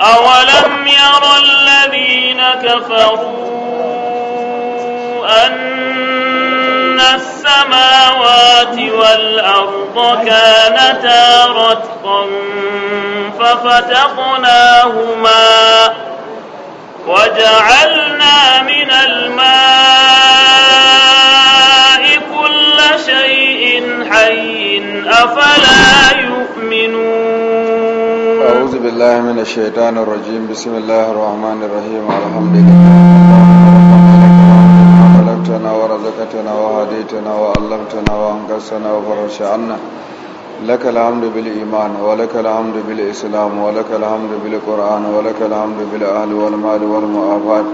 أولم ير الذين كفروا أن السماوات والأرض كانتا رتقا ففتقناهما وجعلنا من الماء كل شيء حي أفلا يؤمنون يؤمنون أعوذ بالله من الشيطان الرجيم بسم الله الرحمن الرحيم الحمد لله خلقتنا ورزقتنا وهديتنا وعلمتنا وأنقذتنا وفرجت عنا لك الحمد بالإيمان ولك الحمد بالإسلام ولك الحمد بالقرآن ولك الحمد بالأهل والمال والمعافات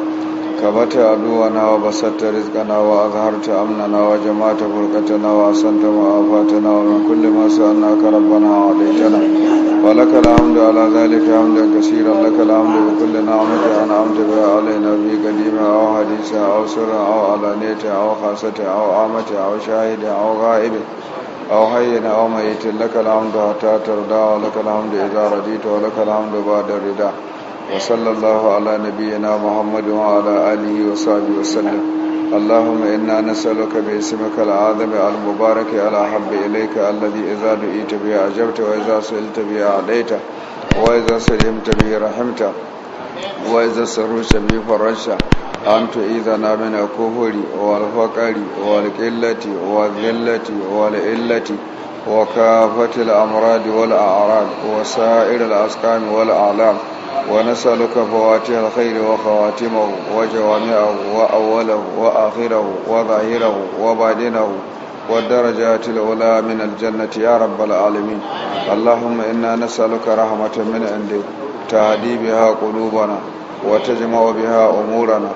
ka bata addu'a na wa basatta rizqa na wa azharta amna na wa jama'ata burkata na wa santa ma'afata na wa min masu ma sa'alna ka na wa adaitana wa laka alhamdu ala zalika hamdan kaseeran laka alhamdu bi kulli ni'mati an'amta bi alayna bi qadima aw hadisa aw sirra aw alaniyati aw khasati awa amati aw shahidi aw ghaibi awa hayyana awa aw mayyitin laka alhamdu hatta tarda wa laka alhamdu idza radita wa laka ba da ridha وصلى الله على نبينا محمد وعلى آله وصحبه وسلم اللهم إنا نسألك باسمك العظم المبارك على حب إليك الذي إذا دعيت به أجبت وإذا سئلت به أعليت وإذا سلمت به رحمت وإذا سررت به فرجت أن تعيذنا من الكفر والفقر والقلة والذلة والإلة وكافة الأمراض والأعراض وسائر الأسقام والأعلام ونسألك فواتح الخير وخواتمه وجوامعه وأوله وآخره وظاهره وبعدنه والدرجات العلى من الجنة يا رب العالمين اللهم إنا نسألك رحمة من عندك تهدي بها قلوبنا وتجمع بها أمورنا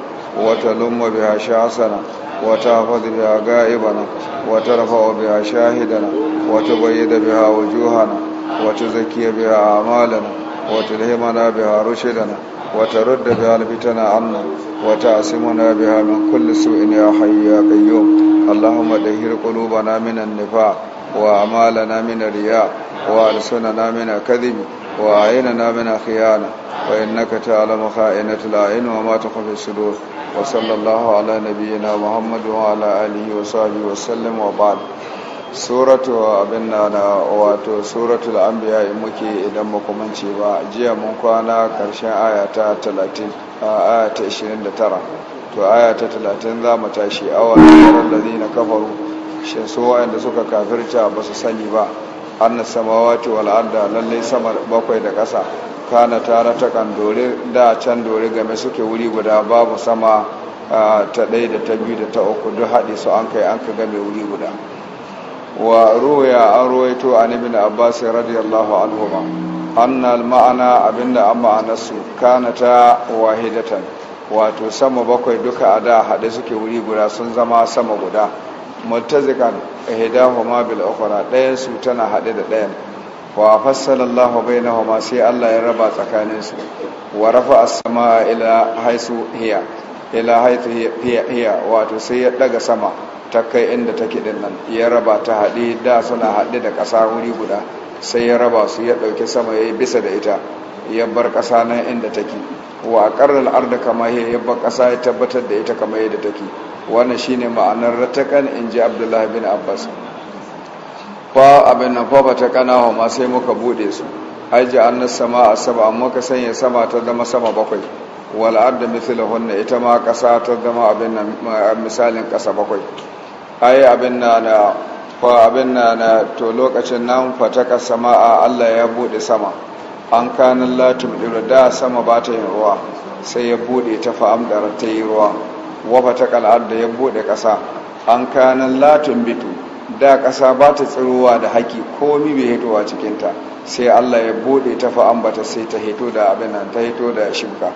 وتلم بها شعصنا وتحفظ بها غائبنا وترفع بها شاهدنا وتبيد بها وجوهنا وتزكي بها أعمالنا وتلهمنا بها رشدنا وترد بها الفتن عنا وتعصمنا بها من كل سوء يا حي يا قيوم اللهم دهر قلوبنا من النفاق وأعمالنا من الرياء وألسننا من الكذب وأعيننا من الخيانة وإنك تعلم خائنة الأعين وما تخفي الصدور وصلى الله على نبينا محمد وعلى آله وصحبه وسلم وبعد suratu abin na wato suratul anbiya muke idan makamanci ba jiya mun kwana karshen ayata 30 ayata 29 to ayata 30 za mu tashi awa tsarar da na kafaru shi su wa'anda suka kafirta ba su sani ba an samawati wal arda lallai sama bakwai da ƙasa kana tare ta kan dore da can dore game suke wuri guda babu sama ta ɗaya da ta biyu da ta uku duk haɗe su an kai an ka game wuri guda wa ruya an ruwaito an ibn abbas radiyallahu anhu ma anna ma'ana abinda an ma'anarsu ta wahidatan wato sama bakwai duka a da haɗe suke wuri guda sun zama sama guda multazikan ma bil ukhra ɗayan su tana haɗe da ɗayan wa fassala Allahu bainahuma sai Allah ya raba tsakanin su wa rafa as-samaa ila haythu hiya ila haythu hiya wato sai ya daga sama ta kai inda take din nan ya raba ta haɗe da suna haɗe da ƙasa wuri guda sai ya raba su ya ɗauki sama ya yi bisa da ita ya bar ƙasa nan inda take wa ƙarar arda kama ya bar ƙasa ya tabbatar da ita kama yadda take wannan shine ma'anar ratakan in ji abdullahi bin abbas fa abin nan fa bata kana ma sai muka buɗe su aji an sama a saba amma ka sanya sama ta zama sama bakwai wal arda mithluhunna ita ma ƙasa ta zama abin nan misalin ƙasa bakwai ai abin na na abin na na to lokacin nan fataka sama'a Allah ya bude sama an kanin latum da sama ba ta yin ruwa sai ya bude ta fa'am da ta yi ruwa wafa ta kal'ad da ya bude ƙasa an kanin latum bitu da ƙasa ba ta tsirowa da haki komi bai hitowa cikinta sai Allah ya bude ta fa'am ba ta sai ta hito da abin nan ta hito da shimka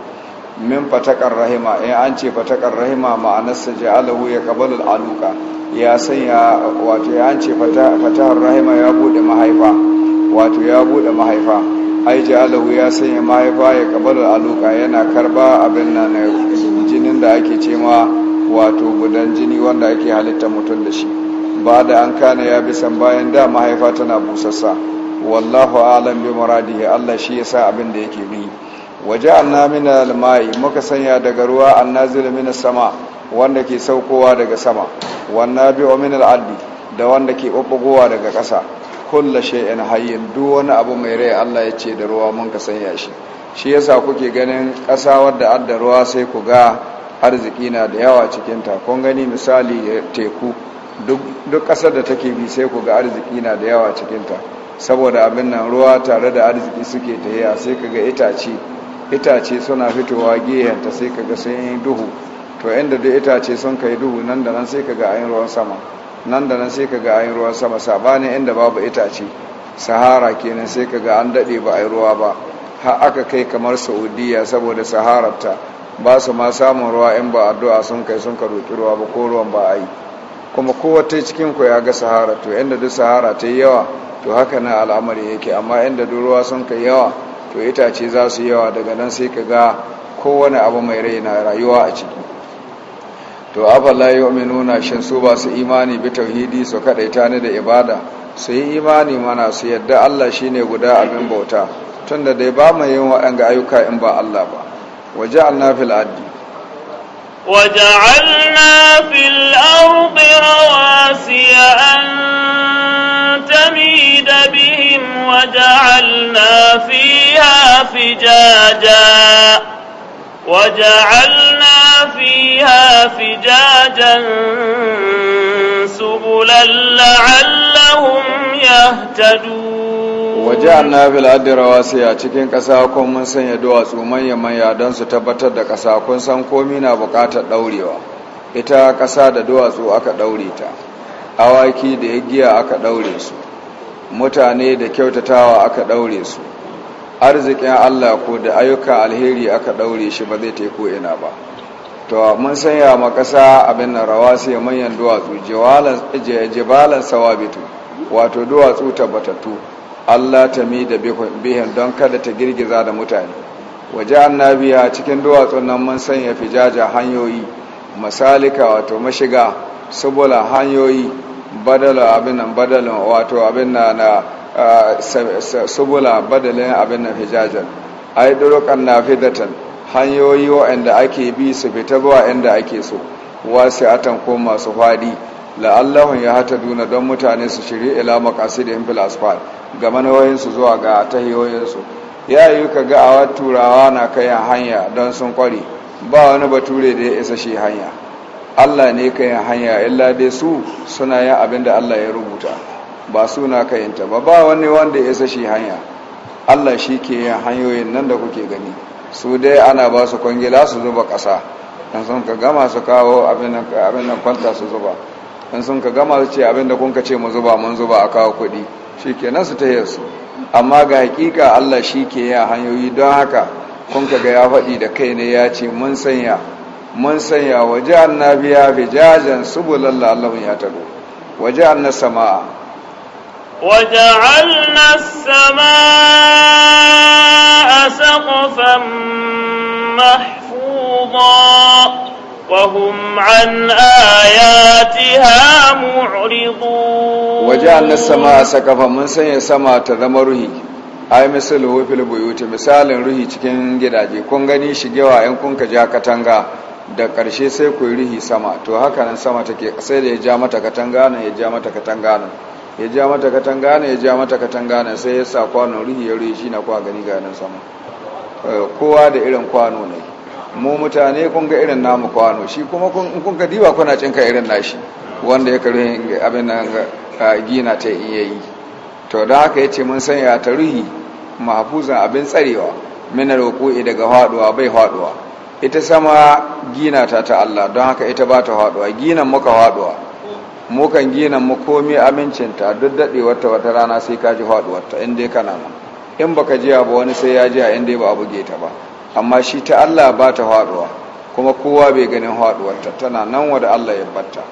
min fatakar rahima in an ce fatakar rahima ma'anar sa ja'alahu ya kabalul aluka ya sanya wato ya an ce fatahar rahima ya bude mahaifa wato ya bude mahaifa ai ja'alahu ya sanya mahaifa ya kabalul aluka yana karba abin nan eh, jinin da ake ce ma wato gudan jini wanda ake halitta mutum da shi ba da an kana ya bi san bayan da mahaifa tana busassa wallahu alam bi muradihi Allah shi yasa abin da yake bi waje anna almai muka sanya daga ruwa annazil min sama wanda ke saukowa daga sama wanna bi min aladi da wanda ke ɓaɓɓagowa daga ƙasa kulla shay'in hayyin duk wani abu mai rai Allah ya ce da ruwa mun ka sanya shi shi yasa kuke ganin ƙasa wadda adda ruwa sai ku ga arziki na da yawa cikin ta kun gani misali teku duk ƙasar da take bi sai ku ga arziki na da yawa cikin ta saboda abin nan ruwa tare da arziki suke tahiya sai ka ga itace itace suna fitowa giyanta sai kaga sun yi duhu to inda duk itace sun kai duhu nan da nan sai kaga ayin ruwan sama nan da nan sai kaga ayin ruwan sama sabanin inda babu itace sahara kenan sai kaga an dade ba ayi ruwa ba har aka kai kamar saudiya saboda sahararta ba su ma samun ruwa in ba addu'a sun kai sun ka roƙi ruwa ba ko ruwan ba a yi kuma kowace cikin ku ya ga sahara to inda duk sahara ta yi yawa to haka na al'amari yake amma inda duk ruwa sun kai yawa to itace za su yawa daga nan sai ka ga kowane abu mai rai na rayuwa a ciki to afala nuna shan su ba su imani bi tauhidi su kadaita ni da ibada su yi imani mana su yadda Allah shi ne guda abin bauta tunda dai ba mu yin waɗanga ayyuka in ba Allah ba waje an na وجعلنا في تميد به وجعلنا فيها فجاجا وجعلنا فيها فجاجا سبلا لعلهم يهتدون وجعلنا في الأرض رواسي a cikin ƙasa mun sanya duwatsu manya manya don su tabbatar da ƙasa kun san komi na buƙatar ɗaurewa ita ƙasa da duwatsu aka ɗaure ta awaki da igiya aka ɗaure su mutane da kyautatawa aka ɗaure su arzikin Allah ko da ayyuka alheri aka ɗaure shi ba zai teku ina ba to mun sanya ma kasa abin rawa rawasi manyan duwatsu jibalan sawabitu wato duwatsu tabbatattu Allah ta mi da bihin don kada ta girgiza da mutane waje biya cikin duwatsun nan mun sanya fijaja hanyoyi masalika wato mashiga subula hanyoyi badala abin wato abin na na subula badalin abin na hijajen ai durukan nafidatan hanyoyi waɗanda ake bi su fita zuwa inda ake so sai atan ko masu fadi la'allahun ya hata duna don mutane su shiri ila maqasidin fil asfal ga su zuwa ga su. ya yi ka ga awa turawa na kayan hanya don sun kware ba wani bature da ya isa shi hanya Allah ne ka yin hanya illa dai su suna yin abin da Allah ya rubuta ba suna ka yin ta ba ba wani wanda ya sashi hanya Allah shi ke yin hanyoyin nan da kuke gani su dai ana ba su kwangila su zuba ƙasa in sun ka gama su kawo abin nan kwanta su zuba in sun ka gama su ce abin da kun ka ce mu zuba mun zuba a kawo kuɗi shi ke nan su ta su amma ga hakika Allah shi ke yin hanyoyi don haka kun ka ga ya faɗi da kai ne ya ce mun sanya mun sanya waje na biya bi jajen subulan lallabin ya taɗo waje a na sama. Waje annar sama'a waj'alna as-samaa'a saqfan mahfuza wa hum 'an Waje mu'ridun na sama a saqfan mun sanya sama ta zama ruhi ay misalu fil buyuti misalin ruhi cikin gidaje kun gani shigewa yan kun ka ja katanga da ƙarshe sai ku rihi sama to haka nan sama take sai da ya ja mata katanga nan ya ja mata katanga nan ya ja mata katanga nan ya ja mata katanga nan sai ya sa kwanon rihi ya rihi shi na kwa gani ga nan sama eh, kowa da irin kwano ne mu mutane kun ga irin namu kwano shi kuma kun ga diba kuna cinka irin nashi wanda ya karin abin nan gina ta in yayi to da haka yace mun sanya ta ruhi mahfuzan abin tsarewa min wuku'i daga haduwa bai haduwa ita sama gina ta ta Allah don haka ita ba ta haɗuwa ginan muka haɗuwa mukan gina mu komi amincinta duk daɗe wata rana sai ka ji ta, inda ya kana nan in baka jiya ba wani sai ya ji a inda ba a buge ta ba amma shi ta Allah ba ta haɗuwa kuma kowa bai ganin ta, tana nan wada Allah ya batta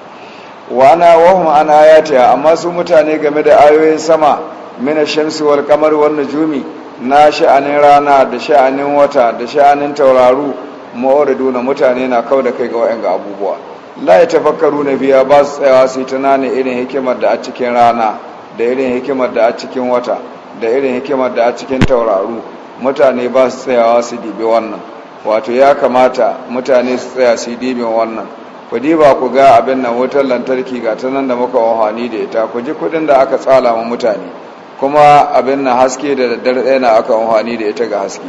wa ana wahum an ayatiha amma su mutane game da ayoyin sama mina shamsi wal kamar wan jumi na sha'anin rana da sha'anin wata da sha'anin tauraru mu'riduna mutane na da kai ga wayan ga abubuwa la yatafakkaru na biya ba su tsayawa su tunani irin hikimar da a cikin rana da irin hikimar da a cikin wata da irin hikimar da a cikin tauraru mutane ba su tsayawa su dibi wannan wato ya kamata mutane su tsaya su dibi wannan ku diba ku ga abin nan wutar lantarki ga ta nan da muka wahani da ita ku ji kudin da aka tsala ma mutane kuma abin nan haske da daddare ɗaya na aka wahani da ita ga haske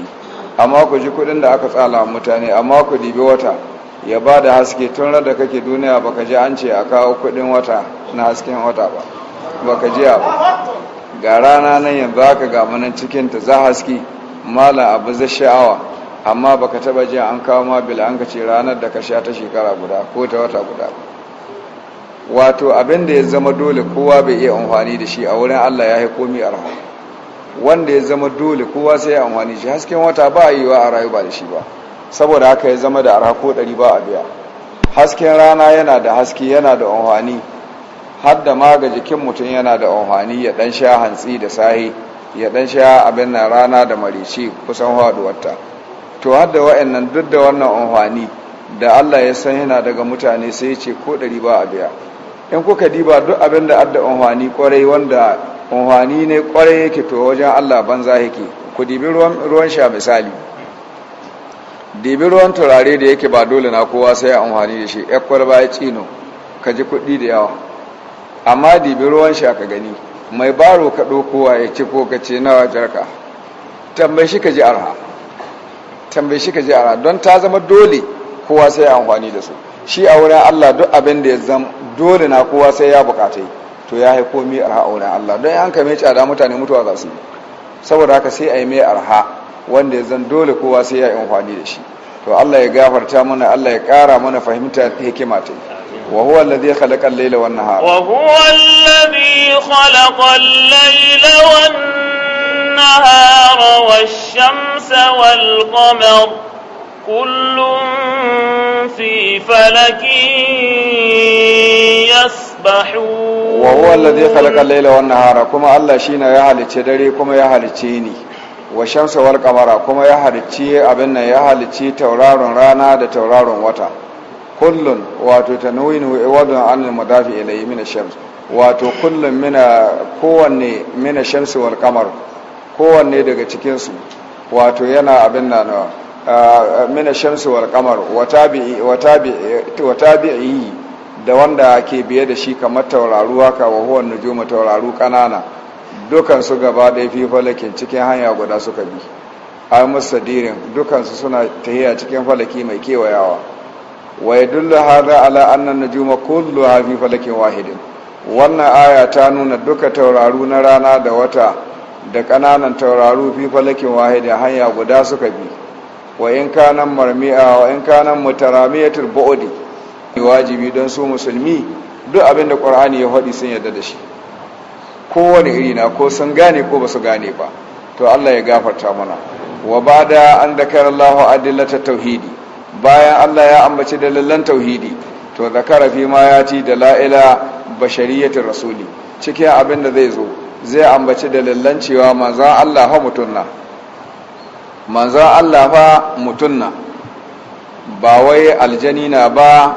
amma ku ji kudin da aka tsala mutane amma ku dibi wata ya ba da haske tun da kake duniya baka ji an ce a kawo kudin wata na hasken wata ba baka ji ba ga rana nan yanzu aka ga nan cikin ta za haske mala abu za sha'awa amma baka taba ji an kawo ma bil an kace ranar da ka sha ta shekara guda ko ta wata guda wato abin da ya zama dole kowa bai iya amfani da shi a wurin Allah ya yi komi arha wanda ya zama dole kowa sai ya amfani shi hasken wata ba a yi wa a rayu ba da shi ba saboda haka ya zama da arha ko ɗari ba a biya hasken rana yana da haske yana da amfani har da ma ga jikin mutum yana da amfani ya ɗan sha hantsi da sahi ya ɗan sha abin na rana da marici kusan haduwarta to har da wa'annan duk da wannan amfani da Allah ya san yana daga mutane sai ce ko ɗari ba a biya in kuka diba duk abin da adda amfani kwarai wanda unhwani ne kwarai yake to wajen Allah banza yake ku dibi ruwan sha misali dibi ruwan turare da yake ba dole na kowa sai a unhwani da shi ya kwarba ya cino ka ji kuɗi da yawa amma dibi ruwan sha ka gani mai baro ka ɗaukowa ya ci ko ka ce nawa jarka tambayi shi ka ji arha shi ka ji arha don ta zama dole kowa sai a amfani da su shi a wurin Allah duk abin da ya zama dole na kowa sai ya bukatai to ya haiko komi arha a wurin Allah don an kame tsada mutane mutuwa za su saboda haka sai a yi mai arha wanda ya zan dole kowa sai ya yi amfani da shi to Allah ya gafarta mana Allah ya kara mana fahimta hikima ta wa huwa alladhi khalaqa al-layla wan nahara wa huwa alladhi khalaqa al-layla wan nahara wash-shamsa wal-qamara كل في فلك يسبحون وهو الذي خلق الليل والنهار كما الله شينا يا ya دري كما يا هلتيني والشمس والقمر كما يا abin ابن يا هلتي tauraron رانا da tauraron وتا kullun wato tanwinu iwadun an mudafi ilayhi min ash-shams wato kullun mina kowanne mina shamsu wal qamar kowanne daga cikin su wato yana abin nan mina shamsu wal kamar wa tabi'i da wanda ke biye da shi kamar tauraru haka wa huwan nujuma tauraru kanana dukan su gaba da fi falakin cikin hanya guda suka bi ai musadirin dukan su suna tahiya cikin falaki mai kewayawa wa yadullu hada ala anna nujuma kulluha fi falakin wahidin wannan aya ta nuna duka tauraru na rana da wata da kananan tauraru fi falakin wahidin hanya guda suka bi wa in kana marmi'a wa in kana mutaramiyatul bu'di wajibi don su musulmi duk abinda qur'ani ya faɗi sun yarda da shi kowane iri na ko sun gane ko ba su gane ba to Allah ya gafarta mana wa bada an dakara Allahu adillata tauhidi bayan Allah ya ambaci dalilan tauhidi to zakara fi ma yati Laila bashariyatir rasuli cikin abin da zai zo zai ambaci dalilan cewa manzon Allah ha mutunna manzan Allah fa mutum na ba wai aljani na ba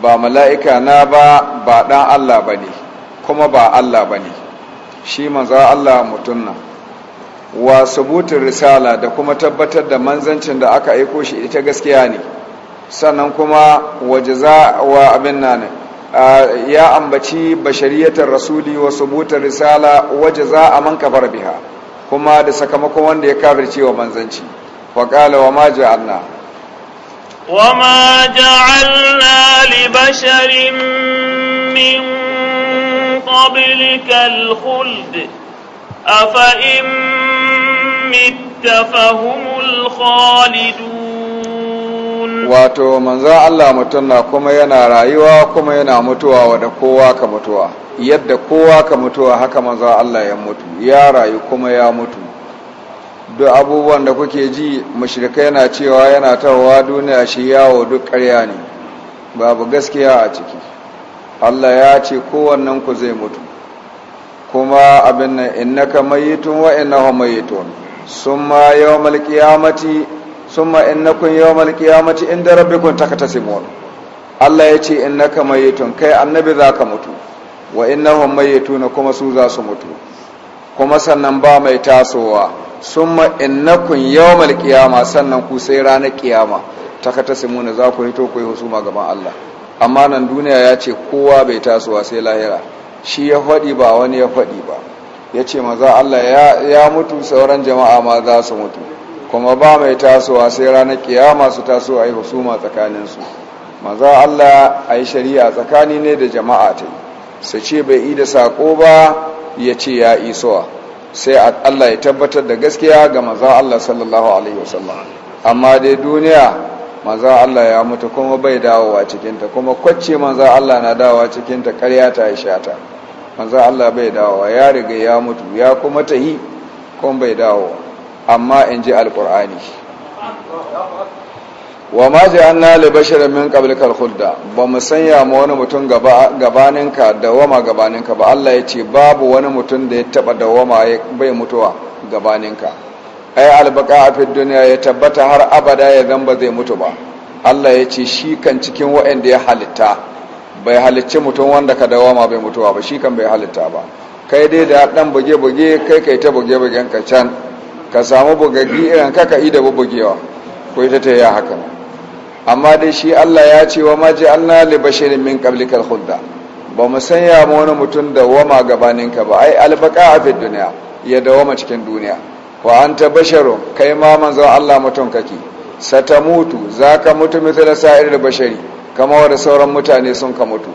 ba mala'ika na ba ba ɗan Allah ba ne kuma ba Allah ba shi manzan Allah mutum na wa subutu risala da kuma tabbatar da manzancin da aka aiko shi ita gaskiya ne sannan kuma waje za wa abin nan ya ambaci bashariyatar rasuli wa subutu risala waje za a man kafar biha kuma da sakamakon wanda ya kafirce wa manzanci wa wa maji allah wa ma ja'alna li basharin min qablika al-khuld afa in mitta fahumul khalidu wato manzan Allah mutum na kuma yana rayuwa kuma yana mutuwa wadda kowa ka mutuwa yadda kowa ka mutuwa haka manzan Allah ya mutu ya rayu kuma ya mutu duk abubuwan da kuke ji mashirka yana cewa yana tawa duniya shi yawo duk karya ne babu gaskiya a ciki Allah ya ce kowannen ku zai mutu kuma abin nan ka mayitun wa ha mayitun ma yawon qiyamati summa innakum yawmal qiyamati inda rabbikum takatasimun Allah ya ce innaka mayyitun kai annabi zaka mutu wa innahum mayyituna kuma su za su mutu kuma sannan ba mai tasowa summa innakum yawmal qiyama sannan ku sai ranar kiyama takatasimuna za ku hito ku yi husuma gaban Allah amma nan duniya ya ce kowa bai tasowa sai lahira shi ya faɗi ba wani ya faɗi ba ya ce maza Allah ya mutu sauran jama'a ma za su mutu kuma ba mai tasowa sai ranar kiyama su taso a yi husuma tsakaninsu maza Allah a yi shari'a tsakani ne da jama'a ta su ce bai yi da saƙo ba ya ce ya isowa sai Allah ya tabbatar da gaskiya ga maza Allah sallallahu alaihi wasallam amma dai duniya maza Allah ya mutu kuma bai dawowa cikinta kuma kwacce maza Allah na dawowa cikinta karya ta yi shata maza Allah bai dawowa ya riga ya mutu ya kuma tahi kuma bai dawowa amma in ji Alƙur'ani. wa ma ji an nale bashirin min ƙabilkar hulda ba mu sanya ma wani mutum gabaninka dawama gabaninka ba Allah ya ce babu wani mutum da ya taɓa dawama bai mutuwa gabaninka ai albaka a fi duniya ya tabbata har abada ya zan ba zai mutu ba Allah ya ce shi kan cikin waɗanda ya halitta bai halicci mutum wanda ka dawama bai mutuwa ba shi kan bai halitta ba kai dai da ɗan buge-buge kai kai ta buge-bugen ka can ka samu bugaggi irin kaka ida bubugewa ko ita ta yi haka amma dai shi Allah ya ce wa maji Allah li bashirin min qablikal khudda ba mu sanya mu wani mutum da wama ka ba ai albaqa a fi duniya ya wama cikin duniya wa anta basharu kai ma manzo Allah mutum kake satamutu zaka mutu mithla sa'ir bashari kamar da sauran mutane sun ka mutu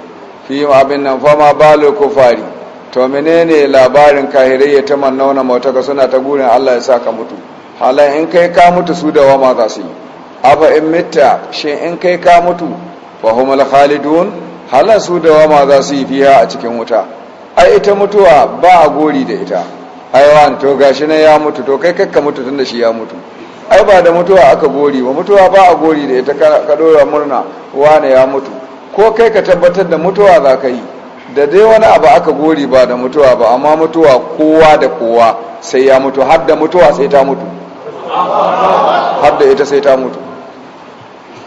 fi abin nan fama balu kufari to menene labarin kahirai ya ta mannauna mautaka suna ta gurin Allah ya sa ka mutu halan in kai ka mutu su da wama za su yi afa in mitta shi in kai ka mutu fa humul khalidun halan su da wama za su yi fiya a cikin wuta ai ita mutuwa ba a gori da ita aiwan to gashi na ya mutu to kai kakka mutu tunda shi ya mutu ai ba da mutuwa aka gori ba mutuwa ba a gori da ita ka dora murna wane ya mutu ko kai ka tabbatar da mutuwa za ka yi da dai wani abu aka gori ba da mutuwa ba amma mutuwa kowa da kowa sai ya mutu har da mutuwa sai ta mutu har da ita sai ta mutu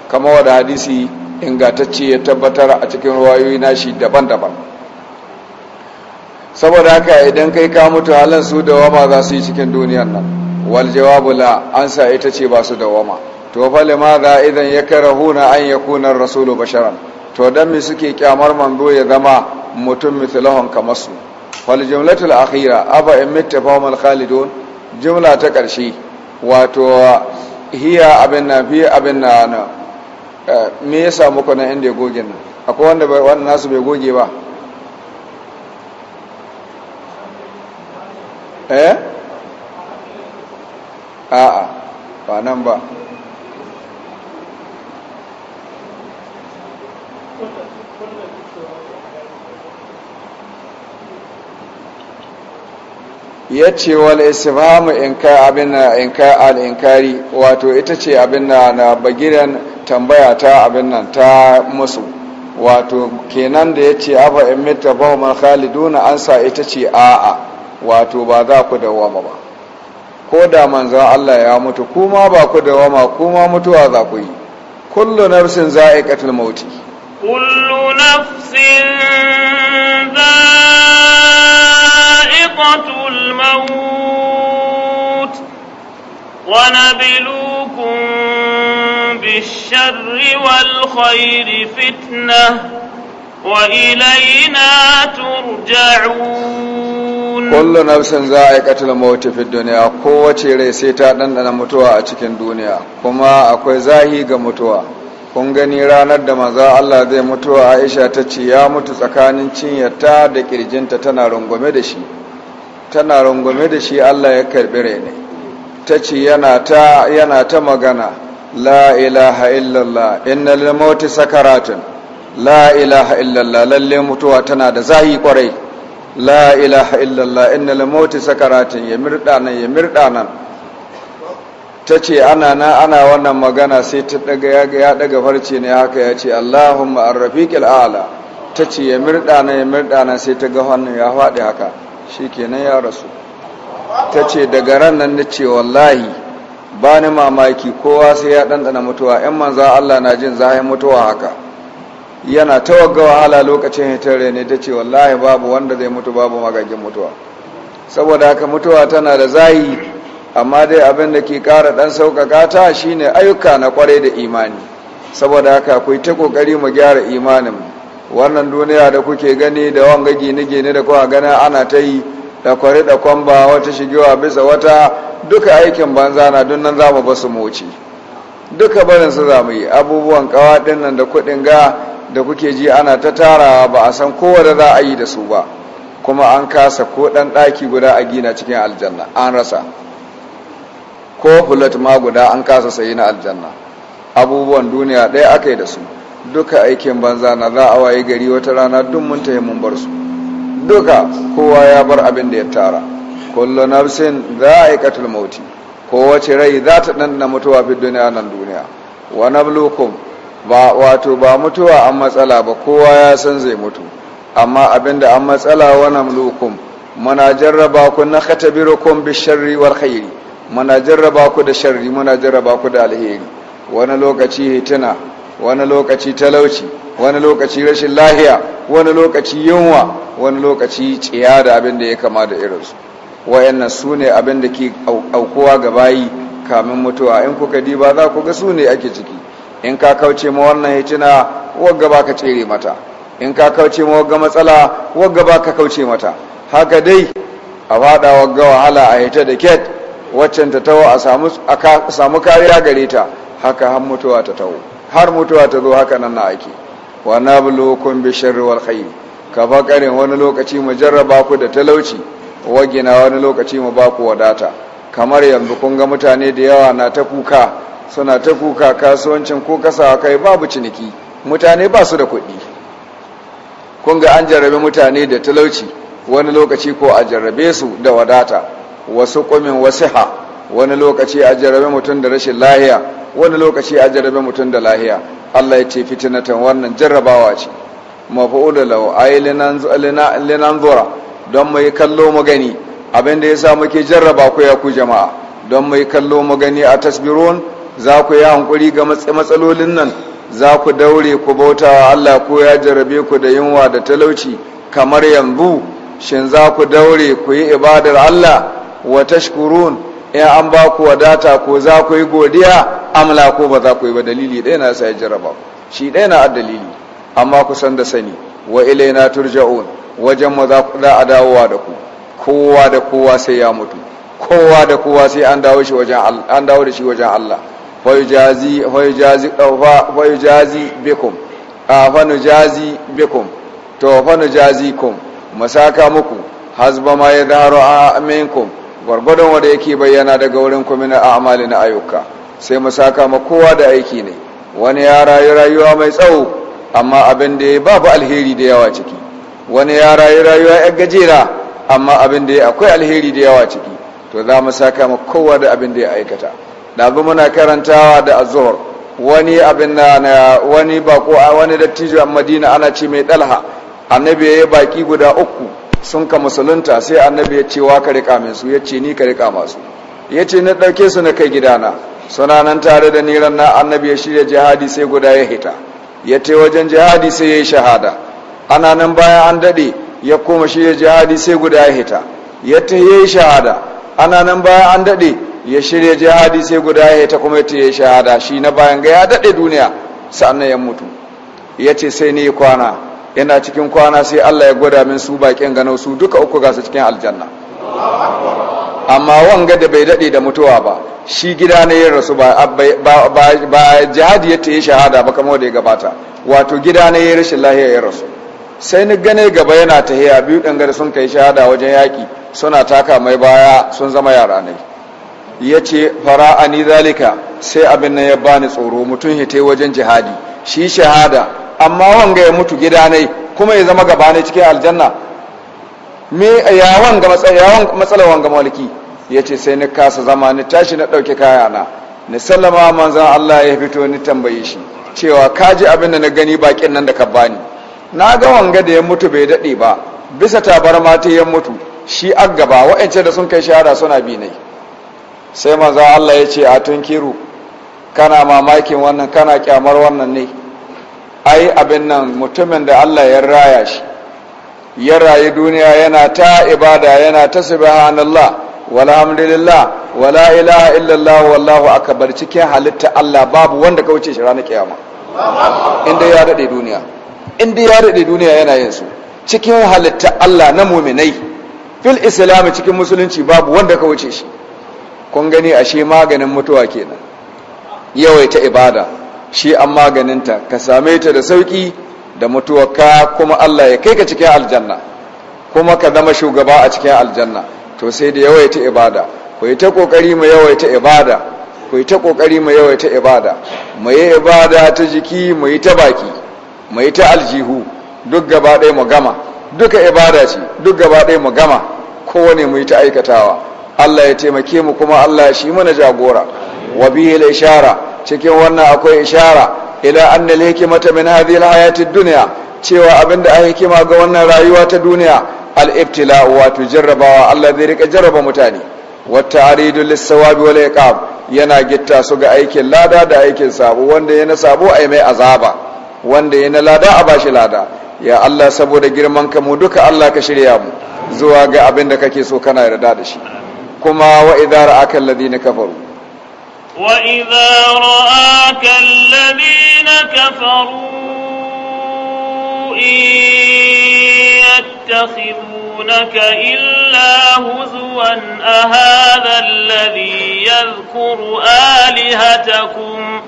kama wada hadisi ingatacce ya tabbatar a cikin ruwayoyi nashi daban-daban saboda haka idan kai ka mutu halin su dawama za su yi cikin duniyar nan wal jawabu la ansa ita ce ba su dawama to fa limadha idan yakrahuna an yakuna ar-rasulu basharan to dan me suke kyamar manzo ya zama mutum mislahun kamar su wal jumlatul akhira aba imitta fawmal khalidun jumla ta karshe wato hiya abin na fi abin na na eh, me yasa muku nan inda ya goge nan akwai wanda wanda nasu bai goge ba eh a'a ba nan ba ya ce wal isfahamu al'inkari wato ita ce abin na na bagiran tambaya ta abin nan ta musu wato kenan da ya ce aba in mita mu khaliduna an sa ita ce a'a wato ba za ku dawama ba ko da manzo Allah ya mutu kuma ba ku ma kuma mutuwa za ku yi kullu nafsin za'iqatul mauti kullu nafsin za'iqatul الموت ونبلوكم بالشر والخير فتنة وإلينا ترجعون كل نفس ذائقة kowace rai sai ta ɗanɗana mutuwa a cikin duniya kuma akwai zahi ga mutuwa kun gani ranar da maza Allah zai mutuwa Aisha ta ce ya mutu tsakanin cinyata da ƙirjinta tana rungume da shi tana rungume da shi Allah ya karbi ne ta ce yana ta magana la ilaha illallah innal mauti sakaratun la ilaha illallah lalle mutuwa tana da zahi kwarai la ilaha illallah innal mauti sakaratun ya mirda nan ya mirda nan ta ce ana na ana wannan magana sai ta daga ya daga farce ne haka ya ce Allahumma arrafiqil a'la ta ce ya mirda nan ya mirda nan sai ta ga hannu ya faɗi haka shi kenan ya rasu ta ce daga ran nan na ce wallahi ba ni mamaki kowa sai ya ɗanɗana mutuwa ‘yan manza Allah na jin za mutuwa haka yana tawagawa wahala lokacin hitare ne ta ce wallahi babu wanda zai mutu babu magagin mutuwa saboda haka mutuwa tana da zahi amma dai abin da ke kara ɗan sauƙaƙa ta shine ayyuka na ƙwarai da imani saboda haka akwai ta ƙoƙari mu gyara imaninmu wannan duniya da kuke gani da wanga gine-gine da kuka gana ana ta yi da kwari da kwamba wata shigewa bisa wata duka aikin banza na don nan za mu basu moci duka barin su za mu yi abubuwan kawa nan da kuɗin ga da kuke ji ana ta tarawa ba a san kowa da za a yi da su ba kuma an kasa ko ɗan ɗaki guda a gina cikin aljanna an rasa ko hulat ma guda an kasa sayi na aljanna abubuwan duniya ɗaya aka yi da su duka aikin banza na za a waye gari wata rana duk mun tayi mun bar su duka kowa ya bar abin da ya tara kullu nafsin za a katul mauti kowace rai za ta na mutuwa fi duniya nan duniya wa nablukum ba wato ba mutuwa an matsala ba kowa ya san zai mutu amma abinda an matsala wa nablukum muna jarraba ku na khatabirukum bi sharri wal khairi muna jarraba ku da sharri muna jarraba ku da alheri wani lokaci hitina wani lokaci talauci wani lokaci rashin lahiya wani lokaci yunwa wani lokaci tsiya da abin da ya kama da irinsu wayannan su ne abin da ke aukuwa ga bayi kamin mutuwa in kuka diba za ku ga su ne ake ciki in ka kauce ma wannan hicina wagga ba ka tsere mata in ka kauce ma wagga matsala wagga ba ka kauce mata haka dai a fada wagga wahala a hita da ket waccan ta tawo a samu kariya gare ta haka har mutuwa ta tawo har mutuwa ta zo haka nan na ake wa na bi sharri wal ka bakarin wani lokaci mu jarraba ku da talauci wagina wani lokaci mu ba wadata kamar yanzu kun ga mutane da yawa na ta kuka suna ta kuka kasuwancin ko kasawa kai babu ciniki mutane ba su da kuɗi kun ga an jarrabe mutane da talauci wani lokaci ko a jarrabe su da wadata wasu kumin wasiha. wani lokaci a jarabe mutum da rashin lahiya wani lokaci a jarabe mutum da lahiya Allah ya ce fitinatan wannan jarrabawa ce a yi linan linanzura don mai kallo mu gani ya sa muke jarraba ku ya ku jama'a don mai kallo mu a tasbirun za ku yi hankuri ga matsalolin nan za ku daure ku bauta Allah ko ya jarrabe ku da yunwa da talauci kamar yanzu shin za ku daure ku yi ibadar Allah wa tashkurun in an ba ku wadata ko za ku yi godiya amla ko ba za ku yi ba dalili ɗaya na sai jaraba, shi ɗaya na dalili amma ku san da sani wa ilaina turja'un wajen mu za a dawowa da ku kowa da kowa sai ya mutu kowa da kowa sai an dawo shi wajen an dawo da shi wajen Allah fa yujazi fa yujazi fa yujazi bikum fa nujazi bikum to fa kum masaka muku hasba ma yadharu aminkum gwargwadon wanda yake bayyana daga wurin kwamina na amali na ayyuka sai mu saka ma kowa da aiki ne wani ya rayu rayuwa mai tsawo amma abin da ya babu alheri da yawa ciki wani ya rayu rayuwa ya gajera amma abin da ya akwai alheri da yawa ciki to za mu saka ma kowa da abin da ya aikata ɗazu muna karantawa da azuhur wani abin na wani bako wani dattijo a madina ana ce mai dalha annabi ya yi baki guda uku sun ka musulunta sai annabi ya ce wa ka rika min su ya ce ni ka rika masu ya ce na ɗauke su na kai gidana suna nan tare da niran na annabi ya shirya jihadi sai guda ya hita ya ce wajen jihadi sai ya yi shahada ana nan bayan an daɗe ya koma shirya jihadi sai guda ya hita ya ce ya yi shahada ana nan bayan an daɗe ya shirya jihadi sai guda ya hita kuma ya ya yi shahada shi na bayan ga ya daɗe duniya sannan ya mutu ya ce sai ni kwana yana cikin kwana sai Allah ya gwada min su bakin ganau su duka uku ga su cikin aljanna amma wanga da bai dade da mutuwa ba shi gida ne ya rasu ba ba jihadi ya tayi shahada ba kamar da ya gabata wato gida ne ya rashin lahiya ya rasu sai ni gane gaba yana tahiya biyu dangare sun kai shahada wajen yaki suna taka mai baya sun zama yara ne ya ce fara'ani zalika sai abin nan ya bani tsoro mutum hite wajen jihadi shi shahada amma wanga ya mutu gida ne kuma ya zama gaba ne cikin aljanna me yawan ga wanga matsalar wanga maliki yace sai ni kasa zama ni tashi na dauke kaya na ni sallama manzon Allah ya fito ni tambaye shi cewa kaji abin da na gani bakin nan da ka bani na ga wanga da ya mutu bai dade ba bisa tabar mata ya mutu shi aggaba wa'ance da sun kai shahada suna bi ne sai manzon Allah ya ce a tunkiru kana mamakin wannan kana kyamar wannan ne ai abin nan mutumin da Allah ya raya shi ya rayu duniya yana ta ibada yana ta subhanallah walhamdulillah wala ilaha illallah wallahu akbar cikin halitta Allah babu wanda ka wuce shi ranar kiyama inda ya dade duniya inda ya dade duniya yana yin su cikin halitta Allah na muminai fil islam cikin musulunci babu wanda ka wuce shi kun gani ashe maganin mutuwa kenan yawaita ibada shi an maganinta ka same ta da sauki da mutuwaka kuma Allah ya kai ka cikin aljanna kuma ka zama shugaba a cikin aljanna to sai da yawaita ibada ku yi ta kokari mu yawaita ibada ku yi ta kokari mu yawaita ibada mu yi ibada ta jiki mu yi ta baki mu yi ta aljihu duk gaba ɗaya mu gama duka ibada ce duk gaba ɗaya mu gama kowane mu yi ta aikatawa Allah ya taimake mu kuma Allah shi mana jagora wa bihi ishara cikin wannan akwai ishara ila annal hikmata min hadhihi ad dunya cewa abinda a hikima ga wannan rayuwa ta duniya al-ibtila wato jarrabawa Allah zai rika jarraba mutane wata aridu sawabi wal iqab yana gitta su ga aikin lada da aikin sabo wanda yana sabo ai mai azaba wanda yana lada a bashi lada ya Allah saboda girman ka mu duka Allah ka shirya mu zuwa ga abin da kake so kana yarda da shi kuma wa idara akan ladina kafaru وإذا رآك الذين كفروا إن يتخذونك إلا هزوا أهذا الذي يذكر آلهتكم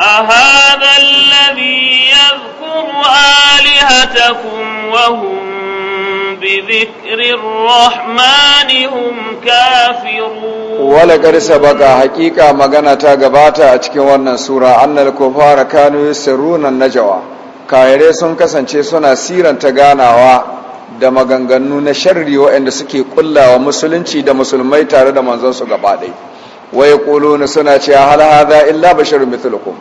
أهذا الذي يذكر آلهتكم وهم بذكر الرحمن هم كافرون ولقد سبق حقيقة مغانا تاغباتا أتكي وانا سورة أن الكفار كانوا يسرون النجوى kayare sun kasance suna siranta ganawa da maganganu na sharri waɗanda suke wa musulunci da musulmai tare da manzansu gaba ɗaya wai na suna ce hal hadha illa bashar mithlukum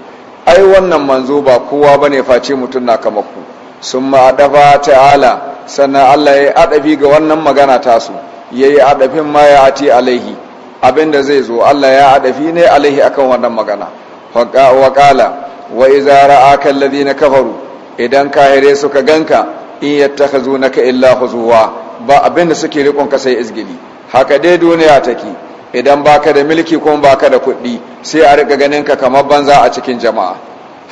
ai wannan manzo ba kowa bane face mutum na kamar ku sun ma'adafa ta'ala sannan Allah ya adafi ga wannan magana tasu yayi adafin ma ya ati alaihi abinda zai zo Allah ya adafi ne alaihi akan wannan magana wa qala wa idza ra'aka alladhina kafaru idan kahire suka ganka in yattakhazunaka illa huzuwa ba abinda suke rikon ka sai izgili haka dai duniya take idan baka da milki kuma baka da kuɗi sai a rika ganin ka kamar banza a cikin jama'a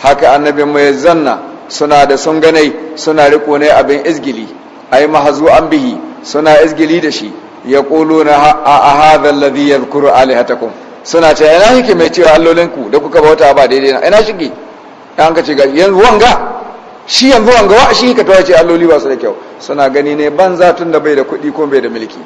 haka annabi mai zanna suna da sun ganai suna riko ne abin izgili ai mahazu an bihi suna izgili da shi ya ƙolo na a hadha alladhi yadhkuru alihatakum suna ce ina shike mai cewa allolinku da kuka bauta ba daidai na ina shike dan ka ce ga yanzu wanga shi yanzu wanga wa shi ka ce alloli ba su da kyau suna gani ne banza tun da bai da kuɗi ko bai da mulki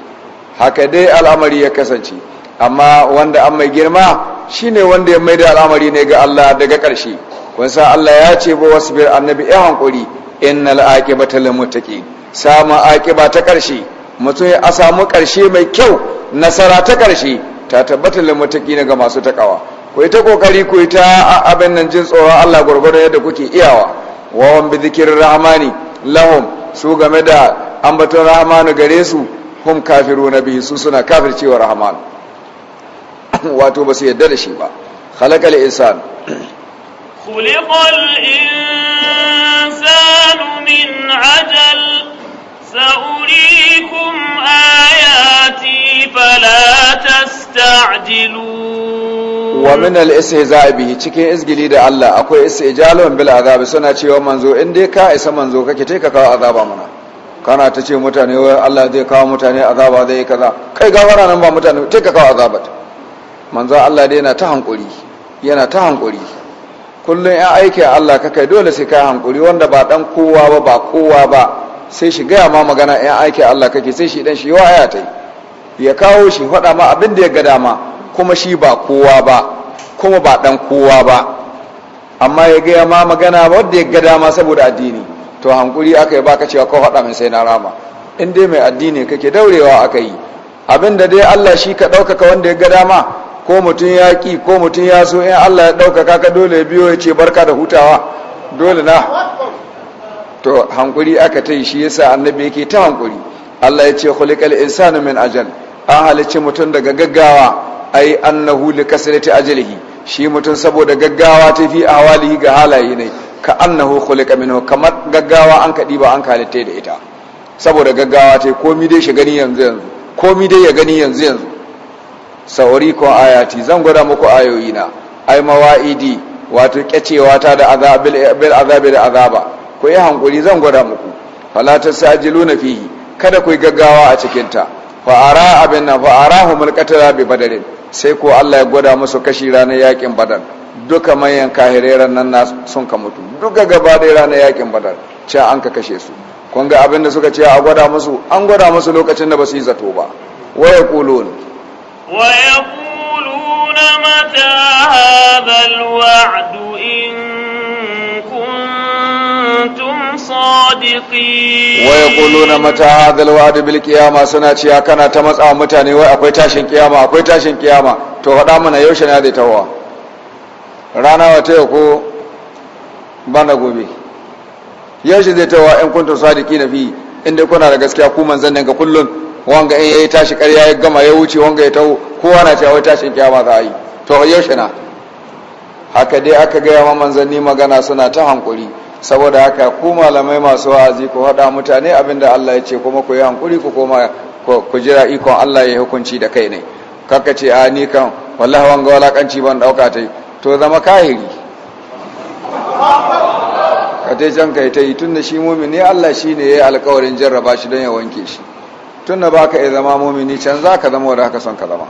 haka dai al'amari ya kasance amma wanda an mai girma shine wanda ya mai da al'amari ne ga Allah daga ƙarshe kun sa Allah ya ce ba wasu biyar annabi ya hankuri innal aqibata ta muttaqin samu ba ta karshe mutum ya samu karshe mai kyau nasara ta ƙarshe ta tabbata lil na ga masu takawa ku ta kokari ku ta abin nan jin tsoron Allah gurgurdan yadda kuke iyawa wawan bi zikirin rahmani lahum su game da ambaton rahmanu gare su hum na bihi su suna kafircewa rahman wato ba su yadda da shi ba khalaqal insan خلق الإنسان من عجل سأريكم آياتي فلا تستعجلون ومن الاستهزاء به cikin izgili da Allah akwai istijalun bil azabi suna cewa manzo in dai ka isa manzo kake take kawo azaba mana kana ta ce mutane wai Allah zai kawo mutane azaba zai kaza kai gawara nan ba mutane take ka kawo azabat manzo Allah dai yana ta hankuri yana ta hankuri kullum ya aiki a Allah kakai dole sai ka hankuri wanda ba dan kowa ba ba kowa ba sai shi gaya ma magana ya aiki a Allah kake sai shi dan shi wa aya ta ya kawo shi faɗa ma abin da ya ga dama kuma shi ba kowa ba kuma ba dan kowa ba amma ya gaya ma magana wanda ya ga dama saboda addini to hankuri aka yi baka cewa ko faɗa min sai na rama in dai mai addini kake daurewa aka yi abin dai Allah shi ka ɗaukaka wanda ya ga dama ko mutum ya ki ko mutum ya so in Allah ya ɗaukaka ka dole ya biyo ya ce barka da hutawa dole na to hankuri aka ta yi shi yasa annabi yake ta hankuri Allah ya ce khuliqal insanu min ajal an halicci mutum daga gaggawa ai annahu li kasrati ajalihi shi mutum saboda gaggawa ta fi ahwalihi ga halaye ne ka annahu khuliqa minhu kamar gaggawa an kadi ba an kalitai da ita saboda gaggawa ta komi dai shi gani yanzu yanzu komi dai ya gani yanzu yanzu ko ayati zan gwada muku ayoyina ai mawa'idi wato kyacewa ta da bil azabi da azaba ku yi hankuri zan gwada muku fala tasajiluna fihi kada ku gaggawa a cikin ta fa ara abin nan fa arahum alqatala bi badarin sai ko Allah ya gwada musu kashi ranar yakin badar duka manyan kahiriran nan na sun ka mutu duka gaba da ranar yakin badar cewa an ka kashe su kun ga abin da suka ce a gwada musu an gwada musu lokacin da ba su yi zato ba waya kulun ويقولون متى هذا الوعد إن كنتم صادقين ويقولون متى هذا الوعد بالقيامة سنة يا كان تمسع متاني وأكوي تاشن قيامة أكوي تاشن قيامة to faɗa mana yaushe ne zai tawa rana wata yau ko bana gobe yaushe zai tawa in kuntum sadiki na fi inda kuna da gaskiya ku manzan daga kullum wanga in yayi tashi ƙarya ya gama ya wuce wanga ya taho kowa na cewa tashin kiyama za a yi to yaushe na haka dai aka gaya ma manzanni magana suna ta hankuri saboda haka ku malamai masu wa'azi ku haɗa mutane abinda Allah ya ce kuma ku yi hankuri ku koma ku jira ikon Allah ya hukunci da kai ne kaka ce a ni kan wallahi wanga walakanci ban dauka ta to zama kahiri ka ta can kai ta yi tun da shi mumini Allah shi ne ya yi alkawarin jarraba shi don ya wanke shi tun da ba ka iya zama mumini can za ka zama wadda haka son ka zama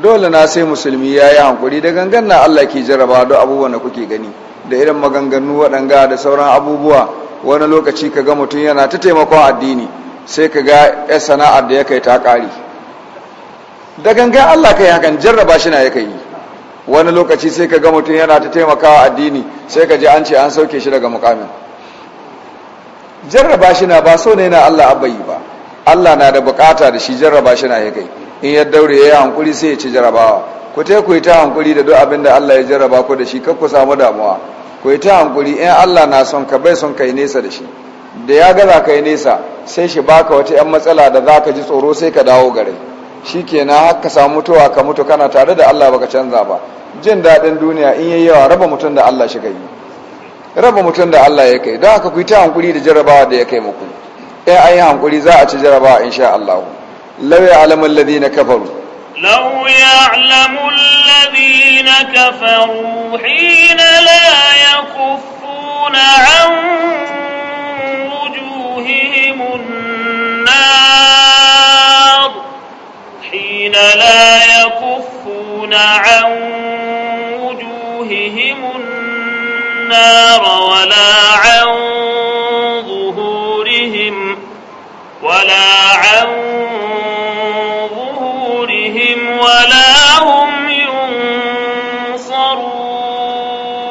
dole na sai musulmi ya yi hankuri da gangan na Allah ke jaraba don abubuwan da kuke gani da irin maganganu waɗanga da sauran abubuwa wani lokaci ka ga mutum yana ta taimakon addini sai ka ga ya sana'ar da ya kai ta ƙari da gangan Allah ka yi hakan jarraba shi na ya kai wani lokaci sai ka ga mutum yana ta taimakawa addini sai ka ji an ce an sauke shi daga mukamin jarraba shi na ba so ne na Allah abayi ba Allah na da bukata da shi jarraba shi na ya kai in ya daure ya yi hankuri sai ya ci jarrabawa ku te ku yi ta hankuri da duk abin da Allah ya jarraba ku da shi kar ku samu damuwa ku yi ta hankuri in Allah na son ka bai son kai nesa da shi da ya ga za ka yi nesa sai shi baka wata 'yan matsala da za ka ji tsoro sai ka dawo gare shi kenan har ka samu mutuwa ka mutu kana tare da Allah baka canza ba jin daɗin duniya in yayi yawa raba mutum da Allah shi yi raba mutum da Allah ya kai don haka ku yi ta hankuri da jarrabawa da ya kai muku ai eh, an yi hankuri za a ci jarabawa in sha Allah lau ya alamu na kafaru lau ya alamu kafaru hina la ya kufu na an wujuhimun hina la kufu na ولا عن ظهورهم ولا هم ينصرون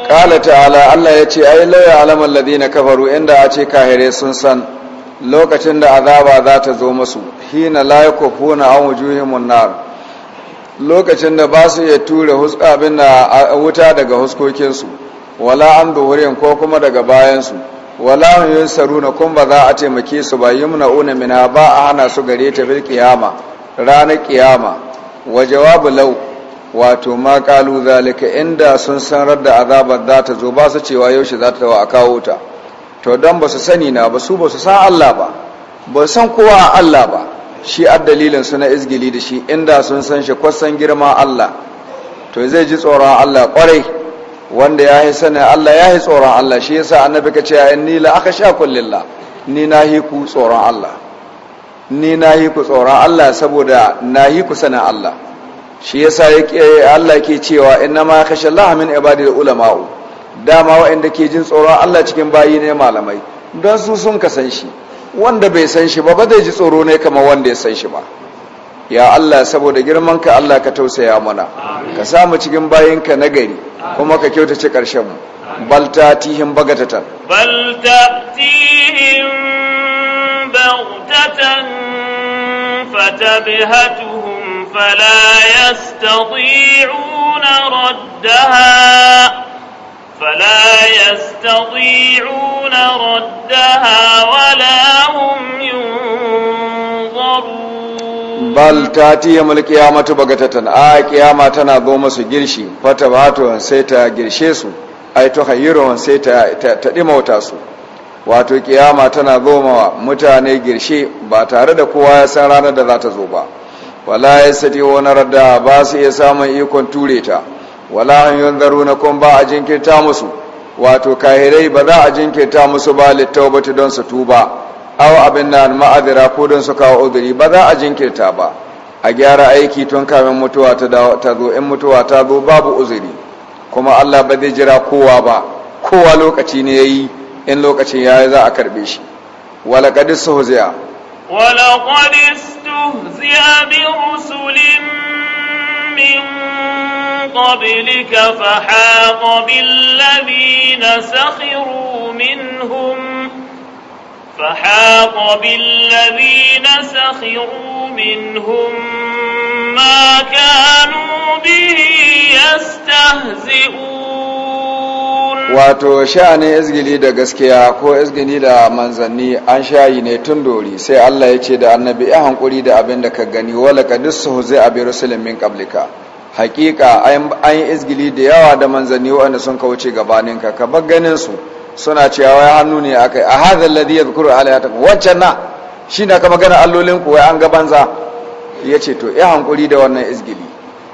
قال تعالى الله يتي أي لا يعلم الذين كفروا إن دعاتي كاهري سنسن lokacin da azaba za ta zo masu, hina la yakufuna an wujuhimun nar lokacin da ba su iya tura abin da wuta daga huskokinsu wala an duhurin ko kuma daga bayansu wala yunsaruna kun ba za a taimake su ba una mina ba a hana su gare ta bil qiyama ranar qiyama wa jawabu law wato ma qalu zalika inda sun san radda azabar za ta zo ba su cewa yaushe za ta wa kawo ta to dan ba su sani na ba su ba su san Allah ba ba san kowa Allah ba shi dalilin su na izgili da shi inda sun san shi kwasan girma Allah to zai ji tsoron Allah kwarai wanda ya yi sanin Allah ya yi tsoron Allah shi yasa annabi ka ce ya ni la aka sha kullilla ni na yi ku tsoron Allah ni na yi ku tsoron Allah saboda na yi ku sanin Allah shi yasa Allah ke cewa in na ma khasha Allah min ibadi da ulama'u dama waɗanda ke jin tsoron Allah cikin bayi ne malamai don su sun ka san shi wanda bai san shi ba ba zai ji tsoro ne kamar wanda ya san shi ba ya Allah saboda girman ka Allah ka tausaya mana ka samu cikin bayinka nagari kuma ka kyauta ce ƙarshen mu bal ta tatihim bagatatan bal ta fata baghtatan fatabhatuhum fala ya yastati'una raddaha فلا يستطيعون ردها ولا هم ينظرون bal ta tiya mulki ya matu tan a kiyama tana zo masu girshi fata bato sai ta girshe su ai to hayyiro sai ta ta su wato kiyama tana zo ma mutane girshe ba tare da kowa ya san ranar da za ta zo ba wala yasati wani radda ba su iya samun ikon ture ta wala an na kun ba a jinkirta musu wato kahirai ba za a jinkirta musu ba littaubatu don su tuba awa abin da ma'adira ko don su kawo uduri ba za a jinkirta ba a gyara aiki tun kamin mutuwa ta zo in mutuwa ta zo babu uzuri kuma Allah ba zai jira kowa ba kowa lokaci ne yayi in lokacin yayi za a karbe shi wala qad suhziya wala qad suhziya bi rusulin min qablika fa haqa bil ladina sakhiru فحاق بالذين سخروا منهم ما كانوا به يستهزئون wato sha'anin izgili da gaskiya ko izgili da manzanni an shayi ne tun dori sai Allah ya ce da annabi ya hankuri da abin da ka gani wala hu zai abi rusulun min kablika. hakika an yi izgili da yawa da manzanni waɗanda sun kauce gabaninka ka bar ganin su suna cewa wai hannu ne akai a hadha alladhi yadhkuru alayatak wancan na shi na ka magana allolin ku wai an ga banza yace to ya hankuri da wannan izgili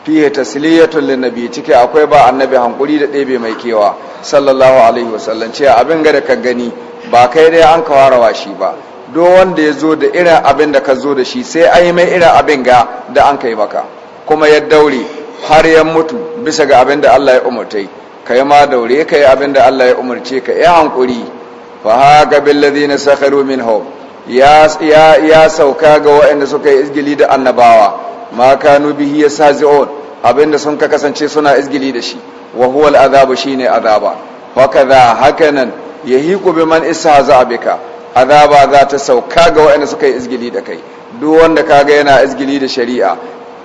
fiye tasliyatun linnabi cike akwai ba annabi hankuri da ɗebe mai kewa sallallahu alaihi wasallam ce abin ga da ka gani ba kai dai an kawarawa shi ba do wanda ya zo da irin abin da ka zo da shi sai an mai irin abin ga da an kai maka kuma ya daure har ya mutu bisa ga abin da Allah ya umartai kai ma daure kai abinda Allah ya umarce ka ya hankuri fa haka bil ladina sakharu minhum ya ya sauka ga waɗanda suka yi izgili da annabawa ma kanu bihi abin abinda sun ka kasance suna izgili da shi wa huwa al azabu shine azaba hakaza hakanan yahiqu biman istahza'a bika azaba za ta sauka ga waɗanda suka yi izgili da kai duk wanda kaga yana izgili da shari'a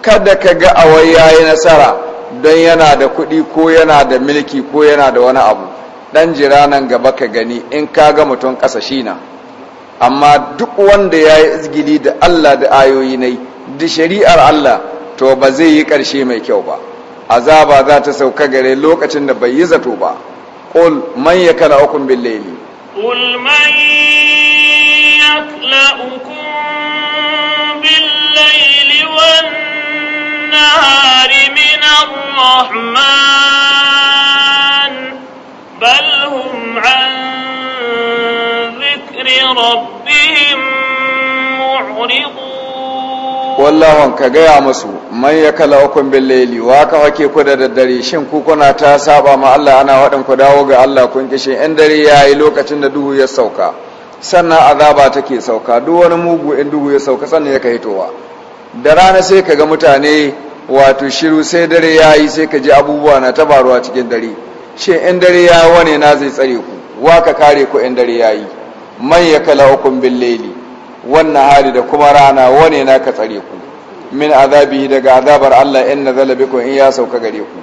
kada ka ga awai yayi nasara don yana da kuɗi ko yana da milki ko yana da wani abu ɗan jira nan gaba ka gani in ka ga mutum ƙasa shi na amma duk wanda ya yi izgili da allah da ayoyi na da shari'ar allah to ba zai yi ƙarshe mai kyau ba azaba za ta sauka gare lokacin da bai yi zato ba ƙul man ya kala hukun bin laili wallahon ka gaya musu man ya kala ukun billeli wa ka hake ku da daddare shin ku kuna ta saba ma Allah ana wadin ku dawo ga Allah kun kishin in dare yi lokacin da duhu ya sauka sannan azaba take sauka duk wani mugu in duhu ya sauka sannan ya kai towa da rana sai kaga mutane wato shiru sai dare ya yi sai ka ji abubuwa na tabaruwa cikin dare shin in dare ya wane na zai tsare ku wa ka kare ku in dare yayi man ya kala ukun billeli wannan hari da kuma rana wane na ka tsare ku min azabi daga azabar Allah in nazala bikum in ya sauka gare ku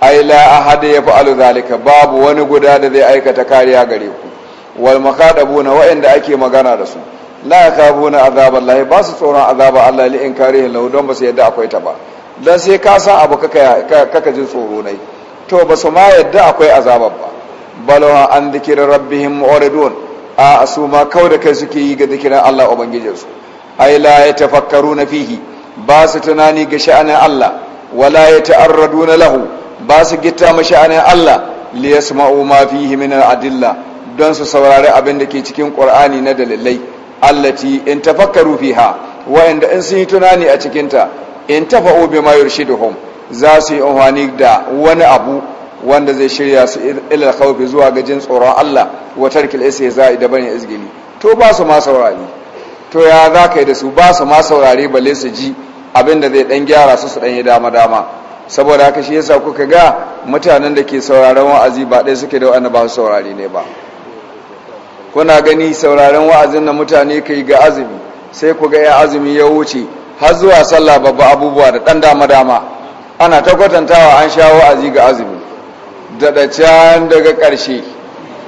ai la ya fa'alu zalika babu wani guda da zai aikata kariya gare ku wal makadabuna wa'inda ake magana da su la azabar Allah ba su tsoron azabar Allah li in karihi don ba su yadda akwai ta ba dan sai ka san abu kaka kaka jin tsoro nai to ba su ma yadda akwai azabar ba balaw an dhikri rabbihim uridun a su ma kawai da kai suke yi ga zikirin Allah ubangijinsu ai la yatafakkaruna fihi ba su tunani ga sha'anin Allah wala na lahu ba su gitta ma sha'anin Allah li yasma'u ma fihi min al-adilla don su saurari abin da ke cikin Qur'ani na dalilai allati in tafakkaru fiha inda in sun yi tunani a cikin ta in tafa'u bima yurshiduhum za su yi amfani da wani abu wanda zai shirya su ilal khawfi zuwa ga jin tsoron Allah wa tarkil za'i da bane izgili to ba su ma saurari to ya za ka yi da su ba su ma saurari balle su ji abinda zai dan gyara su su dan yi dama dama saboda haka shi yasa kuka ga mutanen da ke sauraron wa'azi ba dai suke da wani ba su saurari ne ba kuna gani sauraron wa'azin na mutane kai ga azumi sai ku ga ya azumi ya wuce har zuwa sallah babba abubuwa da dan dama dama ana ta kwatantawa an sha wa'azi ga azumi daɗa can daga ƙarshe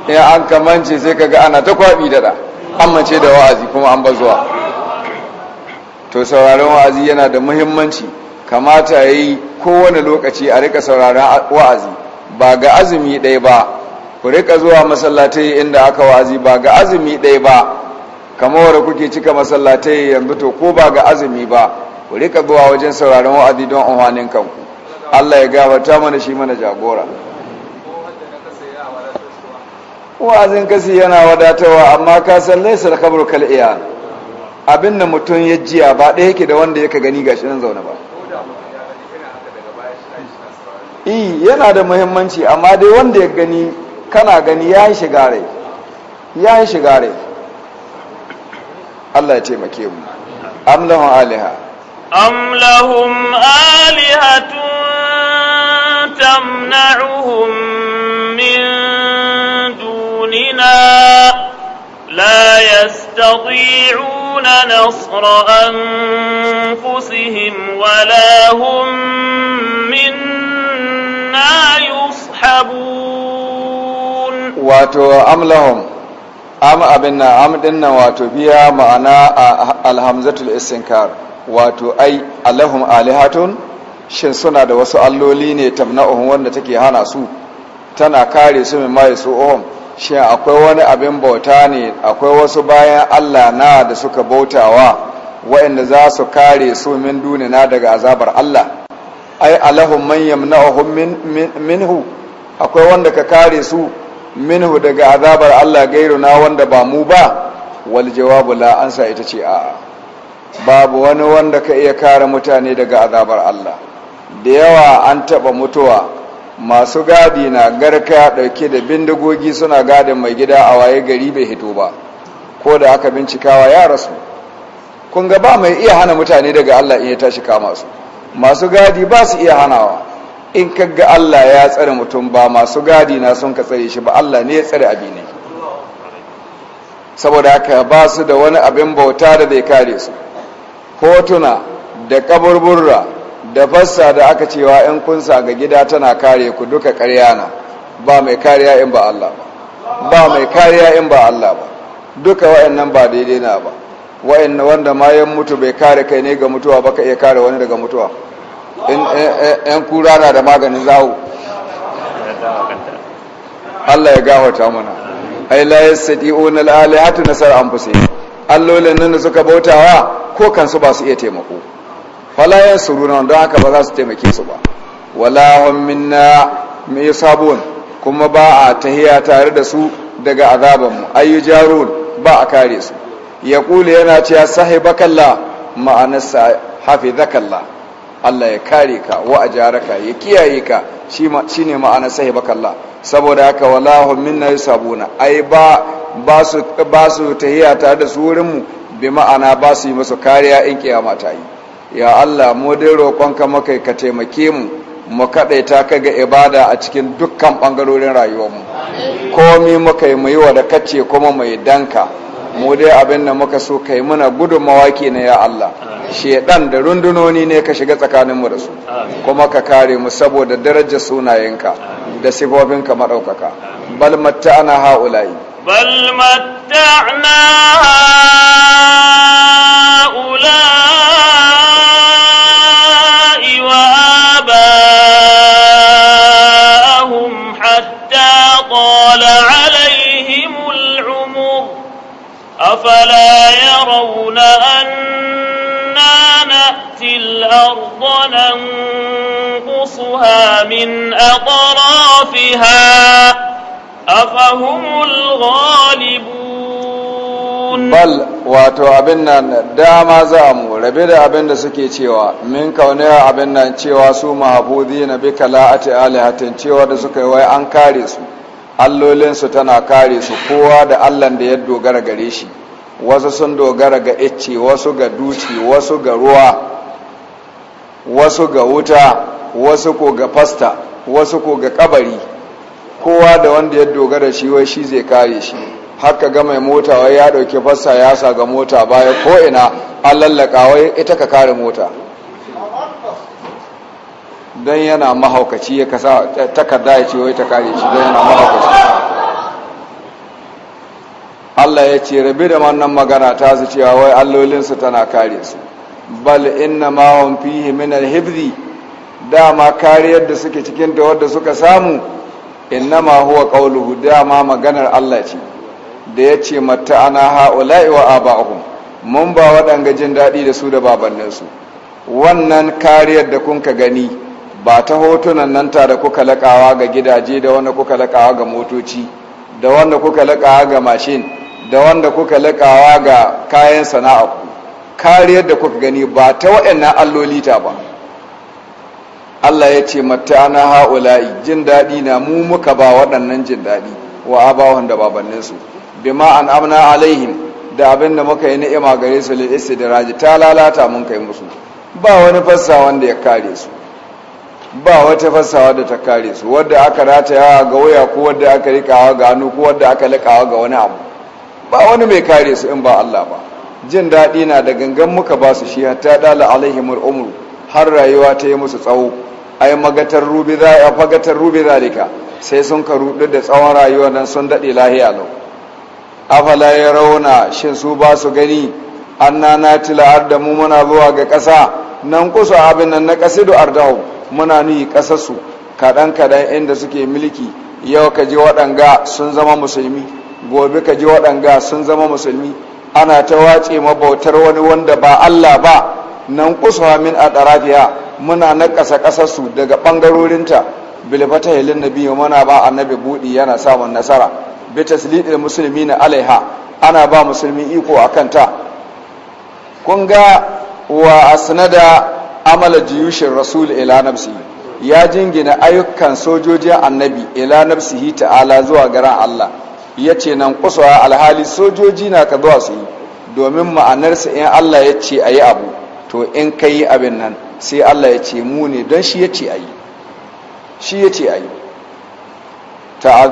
in an kamance sai kaga ana ta kwaɓi daɗa an mace da wa'azi kuma an bazuwa to sauraron wa'azi yana da muhimmanci kamata ya yi kowane lokaci a rika sauraron wa'azi ba ga azumi ɗaya ba ku rika zuwa masallatai inda aka wa'azi ba ga azumi ɗaya ba kamar kuke cika masallatai yanzu to ko ba ga azumi ba ku rika zuwa wajen sauraron wa'azi don amfanin kanku Allah ya gafarta mana shi mana jagora wa'azin kasi yana wadatawa amma ka san da kabar kal'iya abin da mutum ya jiya ba ɗaya yake da wanda yaka gani gashi nan zaune ba iyi yana da muhimmanci amma dai wanda ya gani kana gani ya yi shiga rai ya yi shiga rai Allah ya taimake mu amlahun aliha Amlahun alihatun tamna'uhum لا يستطيعون نصر أنفسهم ولا هم منا يصحبون واتو أم لهم أم أبنا أم دنا واتو بيا معنا الهمزة الاستنكار واتو أي ألهم آلهة shin suna da wasu alloli ne tamna'uhun wanda take hana su tana kare su mai mai su'uhum shi akwai wani abin bauta ne akwai wasu bayan Allah na da suka bautawa waɗanda za su kare su min dunina daga azabar Allah ai alahum man yamna'uhum minhu akwai wanda ka kare su minhu daga azabar Allah gairu na wanda ba mu ba wal jawabu la ansa ita ce a'a babu wani wanda ka iya kare mutane daga azabar Allah da yawa an taba mutuwa masu gadi na garka dauke da bindigogi suna gadin mai gida a waye gari bai hito ba ko da aka bincikawa ya rasu kun ga ba mai iya hana mutane daga Allah in ya tashi kama su masu gadi ba su iya hanawa in kaga Allah ya tsare mutum ba masu gadi na sun ka tsare shi ba Allah ne ya tsare abi ne saboda haka ba su da wani abin bauta da zai kare su hotuna da kaburburra da fassa da aka cewa in kunsa ga gida tana kare ku duka ƙarya na ba mai kariya in ba Allah ba ba mai kariya in ba Allah ba duka wa’yannan ba daidai na ba wa’yannan wanda ma yan mutu bai kare kai ne ga mutuwa ba ka iya kare wani daga mutuwa yan kura na da maganin zawo Allah ya gawata mana ai la yastati'una al-alihatu nasar anfusihim allolin nan da suka bautawa ko kansu ba su iya taimako falayen suruna don haka ba za su taimake su ba walahun minna mai sabon kuma ba a tahiya tare da su daga azabanmu ayu jarun ba a kare su ya kula yana ce ya sahi bakalla ma'anarsa hafi zakalla Allah ya kare ka wa a jaraka ya kiyaye ka shi ne ma'anar sahi bakalla saboda haka walahun minna ya ai ba su tahiya tare da su wurinmu bi ma'ana ba su yi masu kariya in kiyama ta yi ya Allah mu dai roƙonka maka ka taimake mu mu kaɗaita ka ga ibada a cikin dukkan bangarorin rayuwarmu komi muka yi muyi da kace kuma mai danka mu dai abin da muka so kai muna gudun mawaki ne ya Allah shedan da rundunoni ne ka shiga tsakanin mu da su kuma ka kare mu saboda darajar sunayenka da sifofinka madaukaka bal matta'ana ha'ula'i بل متعنا haula'i طال عليهم العمر أفلا يرون أنا نأتي الأرض ننقصها من أطرافها أفهم الغالبون بل wato abin nan dama za mu rabe da abin da suke cewa min kauniya abin nan cewa su mahabudi na bi kala'ati a cewa da suka yi wai an kare su allolinsu tana kare su kowa da allan da ya dogara gare shi wasu sun dogara ga icce wasu ga duci wasu ga ruwa wasu ga wuta wasu ko ga fasta wasu ko ga kabari kowa da wanda ya dogara shi wai shi zai kare shi haka ga mai mota wai ya dauki fasta ya sa ga mota baya ko ina an lallaka wai ita ka kare mota don yana mahaukaci ya kasa takarda ya ce wai ta kare shi don yana mahaukaci Allah ya ce rabi da wannan magana ta su cewa wai allolinsu tana kare su bal inna ma hum fihi min al dama kariyar da suke cikin ta wadda suka samu innama huwa qawluhu dama maganar Allah ce da ya ce mata ana ha'ula'i wa aba'ahum mun ba waɗanga jin daɗi da su da babanninsu wannan kariyar da kun ka gani ba ta hotunan nan tare kuka laƙawa ga gidaje da wanda kuka laƙawa ga motoci da wanda kuka laƙawa ga mashin da wanda kuka laƙawa ga kayan sana'a ku kariyar da kuka gani ba ta waɗannan ta ba Allah ya ce mata na ha'ula'i jin daɗi na mu muka ba waɗannan jin daɗi wa abawan da babanninsu bima an amna alaihim da abin da muka yi ni'ima gare su lil istidraji ta lalata mun kai musu ba wani fassa wanda ya kare su ba wata fasawa da ta kare su wadda aka ratayawa ga waya ko wadda aka rikawa ga hannu ko wadda aka likawa ga wani abu ba wani mai kare su in ba Allah ba jin daɗi na da gangan muka ba su shi hatta dala alaihimul umru har rayuwa ta yi musu tsawo ai magatar rubi za a fagatar rubi rika sai sun ka rudu da tsawon rayuwa nan sun daɗe lahiya lau afala ya rauna shin su ba su gani anna na tilar da mu muna zuwa ga ƙasa nan kusa abin nan na ƙasidu ardahu muna nuyi ƙasarsu kaɗan kaɗan inda suke mulki yau ka ji waɗanga sun zama musulmi gobe ka ji waɗanga sun zama musulmi ana ta wace mabautar wani wanda ba Allah ba nan kusa min a ɗarafiya muna naƙasa ƙasarsu daga ɓangarorinta bilfata hilin nabi mana ba annabi buɗi yana samun nasara bi taslidil musulmi na alaiha ana ba musulmi iko a kanta kun ga wa asnada amala jiyushin rasul ila nafsi ya jingina ayyukan sojojin annabi ila nafsihi ta'ala zuwa garan Allah yace ce nan kusa alhali sojoji na ka zuwa su yi domin ma'anarsa in Allah ya ce a abu to in ka yi abin nan sai Allah ya ce mu ne don shi ya ce a shi ya ce a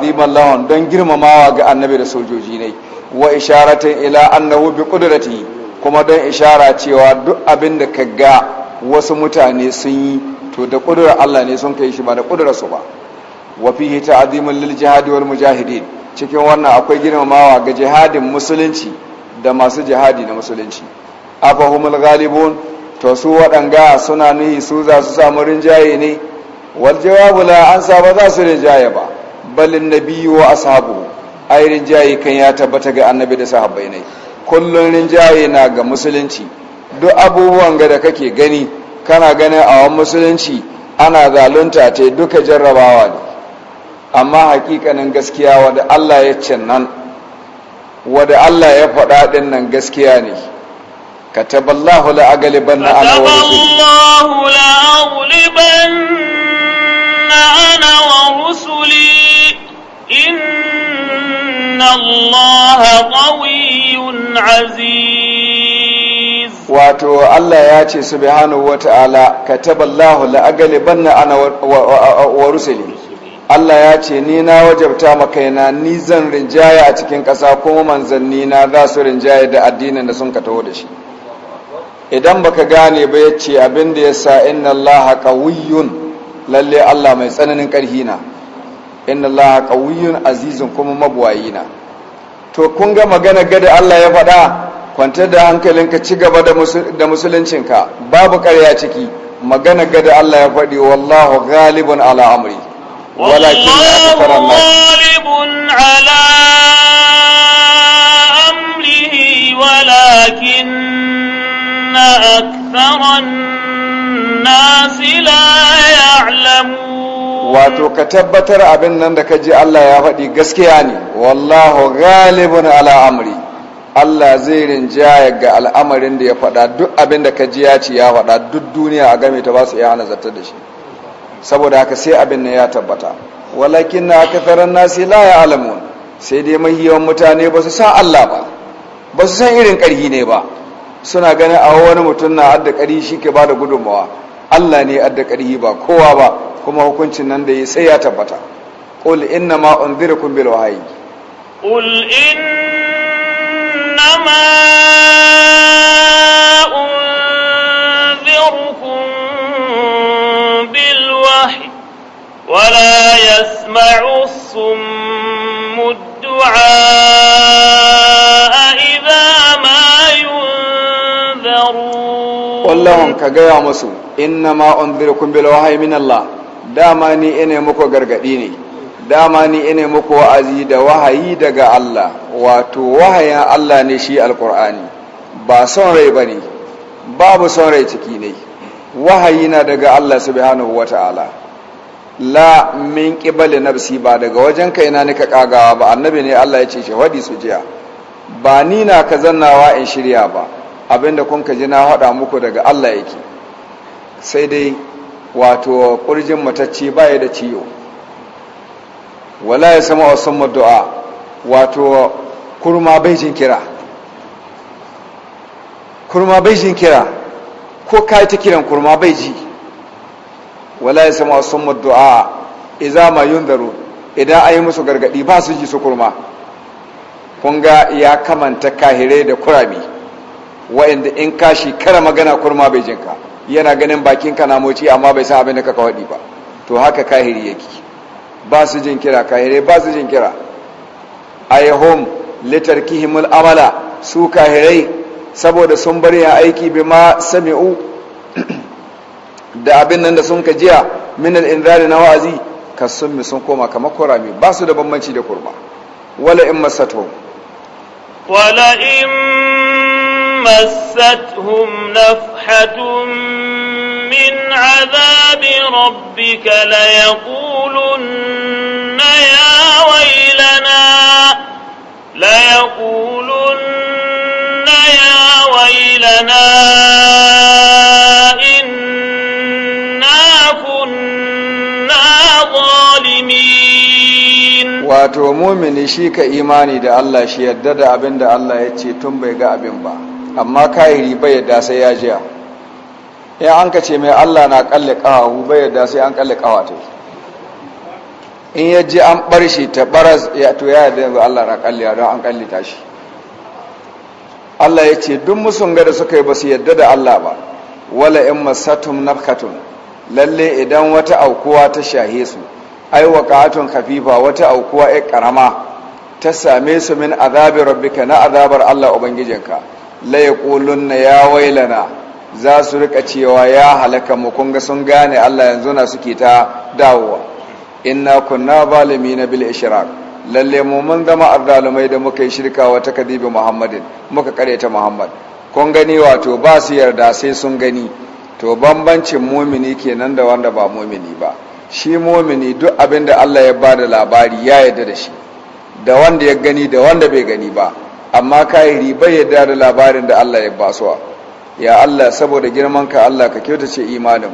yi lawan don girmamawa ga annabi da sojoji ne wa isharatin ila annahu bi qudratihi kuma don ishara cewa duk abin da ka ga wasu mutane sun yi to da ƙudurar Allah ne sun kai shi ba da ƙudurar su ba wa fihi ta'zimul lil jihadi wal mujahidin cikin wannan akwai girmamawa ga jihadin musulunci da masu jihadi na musulunci afahumul ghalibun to su waɗanga suna nuhi su za su samu rinjaye ne wal jawabu la an sa ba za su rinjaye ba balin nabiyyu wa ashabu ai rinjaye kan ya tabbata ga annabi da sahabbai ne kullun rinjaye na ga musulunci duk abubuwan ga da kake gani kana ganin a wani musulunci ana zalunta ta duka jarrabawa ne amma hakikanin gaskiya wadda Allah ya ce nan wadda Allah ya faɗa ɗin nan gaskiya ne ka taballahu la'agaliban na ana rusuli الله قوي عزيز واتو Allah ياتي سبحانه وتعالى كتب الله la'agalibanna ana أنا ورسلي Allah ya ce ni na wajabta makaina ni zan rinjaya a cikin ƙasa kuma manzanni na za su rinjaya da addinin da sun ka da shi idan baka gane ba ya ce abin da ya sa inna Allah wuyun. lalle Allah mai tsananin ƙarhi na inna allaha qawiyyun azizun kuma mabwayina to kun ga magana gada Allah ya faɗa kwantar da hankalinka ci gaba da musuluncinka babu ƙarya ciki magana gada Allah ya faɗi wallahu ghalibun ala amri walakin ghalibun ala walakin an-nas wato ka tabbatar abin nan da ka ji Allah ya faɗi gaskiya ne wallahu galibun ala Allah zai rinjaya ga al'amarin da ya faɗa duk abin da ka ji ya ci ya faɗa duk duniya a game ta ba su iya hana zartar da shi saboda haka sai abin nan ya tabbata walakin na akasaran nasi la ya alamun sai dai mahiyawan mutane ba su san Allah ba ba su san irin ƙarhi ne ba suna ganin a wani mutum na adda ƙari shi ke ba da gudunmawa Allah ne adda ƙarhi ba kowa ba kuma hukuncin nan da ya sai ya tabbata qul inna ma unzirukum bil wahyi qul inna ma unzirukum bil wahyi wala ya as-summu dua idha ma yunzarun wallahu ka gaya masu. inna ma unzirukum bil wahyi min Allah dama ni ina muku gargadi ne dama ni ina muku wa'azi da wahayi daga Allah wato wahayin Allah ne shi alqur'ani ba son rai bane babu son rai ciki ne wahayi na daga Allah subhanahu wataala la min qibali nafsi ba daga wajen kai na nika kagawa ba annabi ne Allah ya ce shi wadi su jiya ba ni na kazannawa in shirya ba abinda kun ka ji na hada muku daga Allah yake sai dai wato ƙurjin matacci baya da ciwo wala ya sama wasan maddu'a wato kurma bai jin kira kurma bai jin kira ko ka ta kiran kurma bai ji wala ya sama wasan maddu'a iza ma yun daro idan a yi musu gargaɗi ba su ji su kurma kunga ya kamanta kahire da kurami wa'inda in kashi kara magana kurma bai jinka yana ganin bakin ka na amma bai san abin da kaka wadi ba to haka kahiri yake ba su jin kira kahire ba su jin kira ayhum litarkihimul amala su kahire saboda sun bar ya aiki ma sami'u da abin nan da sun ka jiya min al-inzari na wa'azi kasummi sun koma kamar kurami ba su da bambanci da kurma wala in masatuhum wala in مستهم نفحة من عذاب ربك ليقولن يا ويلنا ليقولن يا ويلنا إنا كنا ظالمين wato mumini shi ka imani da Allah shi yadda da abin da Allah ya ce tun bai ga abin ba amma kayiri bai yadda sai jiya in an ka ce mai Allah na kalle kawahu bai yadda sai an kalli kawa ta in ya ji an barshe ta baras ya to ya yadda yanzu Allah na kalle don an kalli ta shi Allah ya ce duk musunga da suka yi ba su yadda da Allah ba wala in masatum nafkatun lalle idan wata aukuwa ta shahe su ai waqa'atun khafifa wata aukuwa ya karama ta same su min azabi rabbika na azabar Allah ubangijinka la yaqulunna ya wailana za su rika cewa ya halaka mu kun ga sun gane Allah yanzu na suke ta dawowa inna kunna na bil ishraq lalle mu mun zama azzalumai da muka yi shirka wa takdibi muhammadin muka kareta muhammad kun gani wato ba su yarda sai sun gani to bambancin mumini kenan da wanda ba mumini ba shi mumini duk abin da Allah ya bada labari ya yarda da shi da wanda ya gani da wanda bai gani ba amma kai bai yarda da labarin da Allah ya basuwa ya Allah saboda girman ka, Allah ka kyautace imanin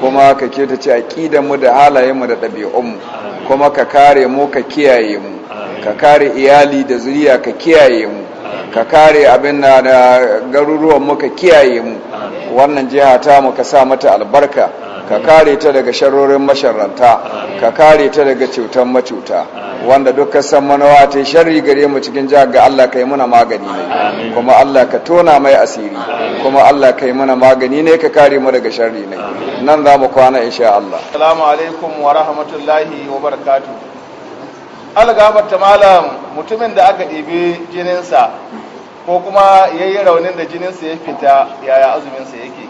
kuma ka kyautace aqidan mu da halayen mu da ɗabi'unmu. kuma ka kare mu ka kiyaye mu ka kare iyali da zuriya ka kiyaye mu ka kare abin da garuruwan mu ka kiyaye mu wannan jiha ta mu ka sa mata albarka ka kare ta daga sharorin masharanta ka kare ta daga cutan macuta wanda duk san manawa ta sharri gare mu cikin jihar ga Allah kai muna magani ne kuma Allah ka tona mai asiri kuma Allah kai muna magani ne ka kare mu daga sharri ne nan za mu kwana insha Allah assalamu alaikum wa rahmatullahi wa barakatuh algabar ta malam mutumin da aka ɗebe jininsa ko kuma yayi raunin da jininsa ya fita yaya azumin sa yake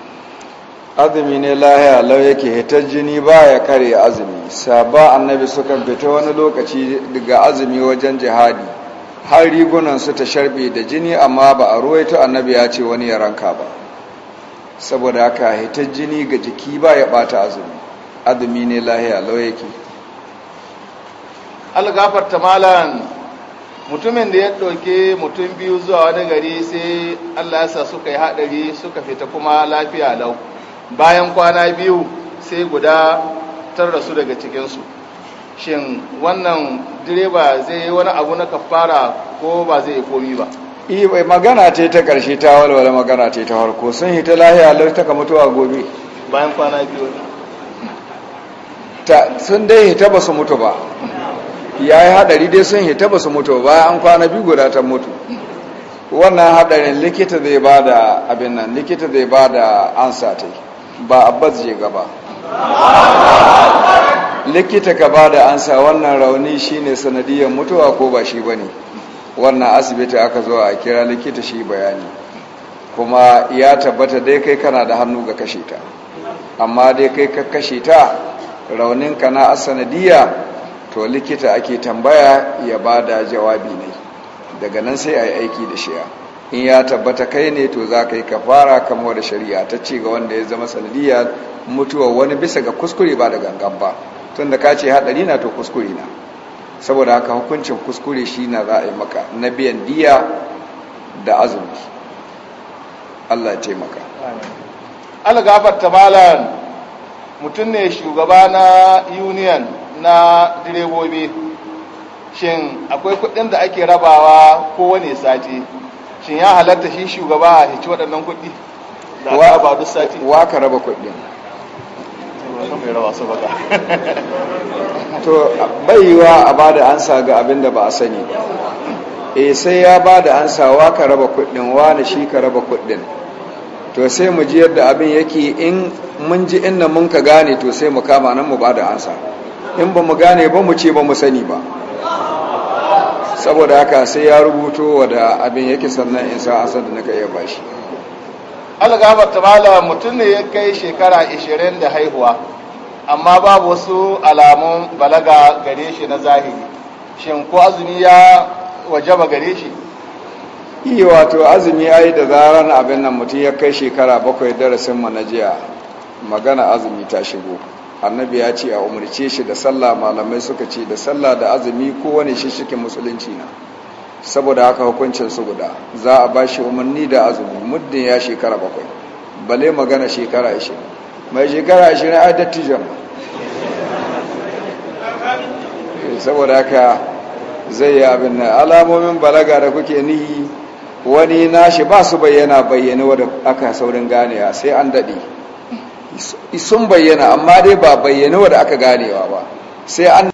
azumi ne lahiya lau yake hitar jini ba ya kare azumi saba annabi sukan fita wani lokaci daga azumi wajen jihadi har rigunan su ta sharbe da jini amma ba a ruwaito annabi ya ce wani ya ba saboda haka hitar jini ga jiki ba ya bata azumi azumi ne lahiya lau yake algafar tamalan mutumin da ya ɗauke mutum biyu zuwa wani gari sai allah ya sa suka yi haɗari suka fita kuma lafiya lau bayan kwana biyu sai guda tarra su daga cikinsu shin wannan direba zai yi wani abu na kafara ko ba zai yi komi ba ibai e, magana ce ta ƙarshe ta walwala magana ce ta harko sun hita lahiya lauta ka mutuwa gobe bayan kwana biyu sun dai hita ba su mutu ba ya yi haɗari dai sun hita ba su mutu ba an kwana biyu guda ta mutu wannan haɗarin likita zai ba da abin nan likita zai ba da ansa ta yi ba abbas je gaba likita ka bada ansa wannan rauni shine sanadiyar mutuwa ko ba shi bane wannan asibiti aka zo a kira likita shi bayani kuma ya tabbata dai kai kana da hannu ga kashe ta amma dai kai ka kashe ta raunin ka na sanadiyya, to likita ake tambaya ya ba da jawabi ne daga nan sai a yi aiki da shiya in ya tabbata kai ne to za ka yi kafara kamar da shari'a ta ce ga wanda ya zama sanadiyya mutuwa wani bisa ga kuskure ba da gangan ba tun da ka ce haɗari na to kuskure na saboda haka hukuncin kuskure shi na za a yi maka na biyan diya da azumi allah taimaka algafar tabalan mutum ne shugaba na union na direbobi shin akwai kuɗin da ake rabawa kowane sati shin ya halatta shi shugaba a hici waɗannan kuɗi da ba duk sati wa ka raba kuɗin to wa a ba da ansa ga abin da ba a sani e sai ya ba da ansa wa ka raba kuɗin wa na shi ka raba kuɗin to sai mu ji yadda abin yake in mun ji inna mun ka gane to sai mu kama nan mu ba da ansa in ba mu gane ba mu ce ba mu sani ba saboda haka sai ya rubuto wada abin yake sannan in sa asar da ka iya bashi ta tamala mutum ne ya kai shekara 20 da haihuwa amma babu wasu alamun balaga gare shi na zahiri shin ko azumi ya wajaba gare shi iya wato azumi ai da zaran abin nan mutum ya kai shekara bakwai darasin mu na jiya magana azumi ta shigo annabi ya ce a umarce shi da sallah malamai suka ce da sallah da azumi kowane shishikin musulunci na saboda haka hukuncin su guda za a ba shi umarni da azumi muddin ya shekara bakwai bale magana shekara ishe mai shekara ashirin a dattijan saboda haka zai yi abin na alamomin balaga da kuke nihi wani nashi ba su bayyana bayyana wadda aka saurin ganewa sai an daɗe sun bayyana amma dai ba bayyana wadda aka ganewa ba sai an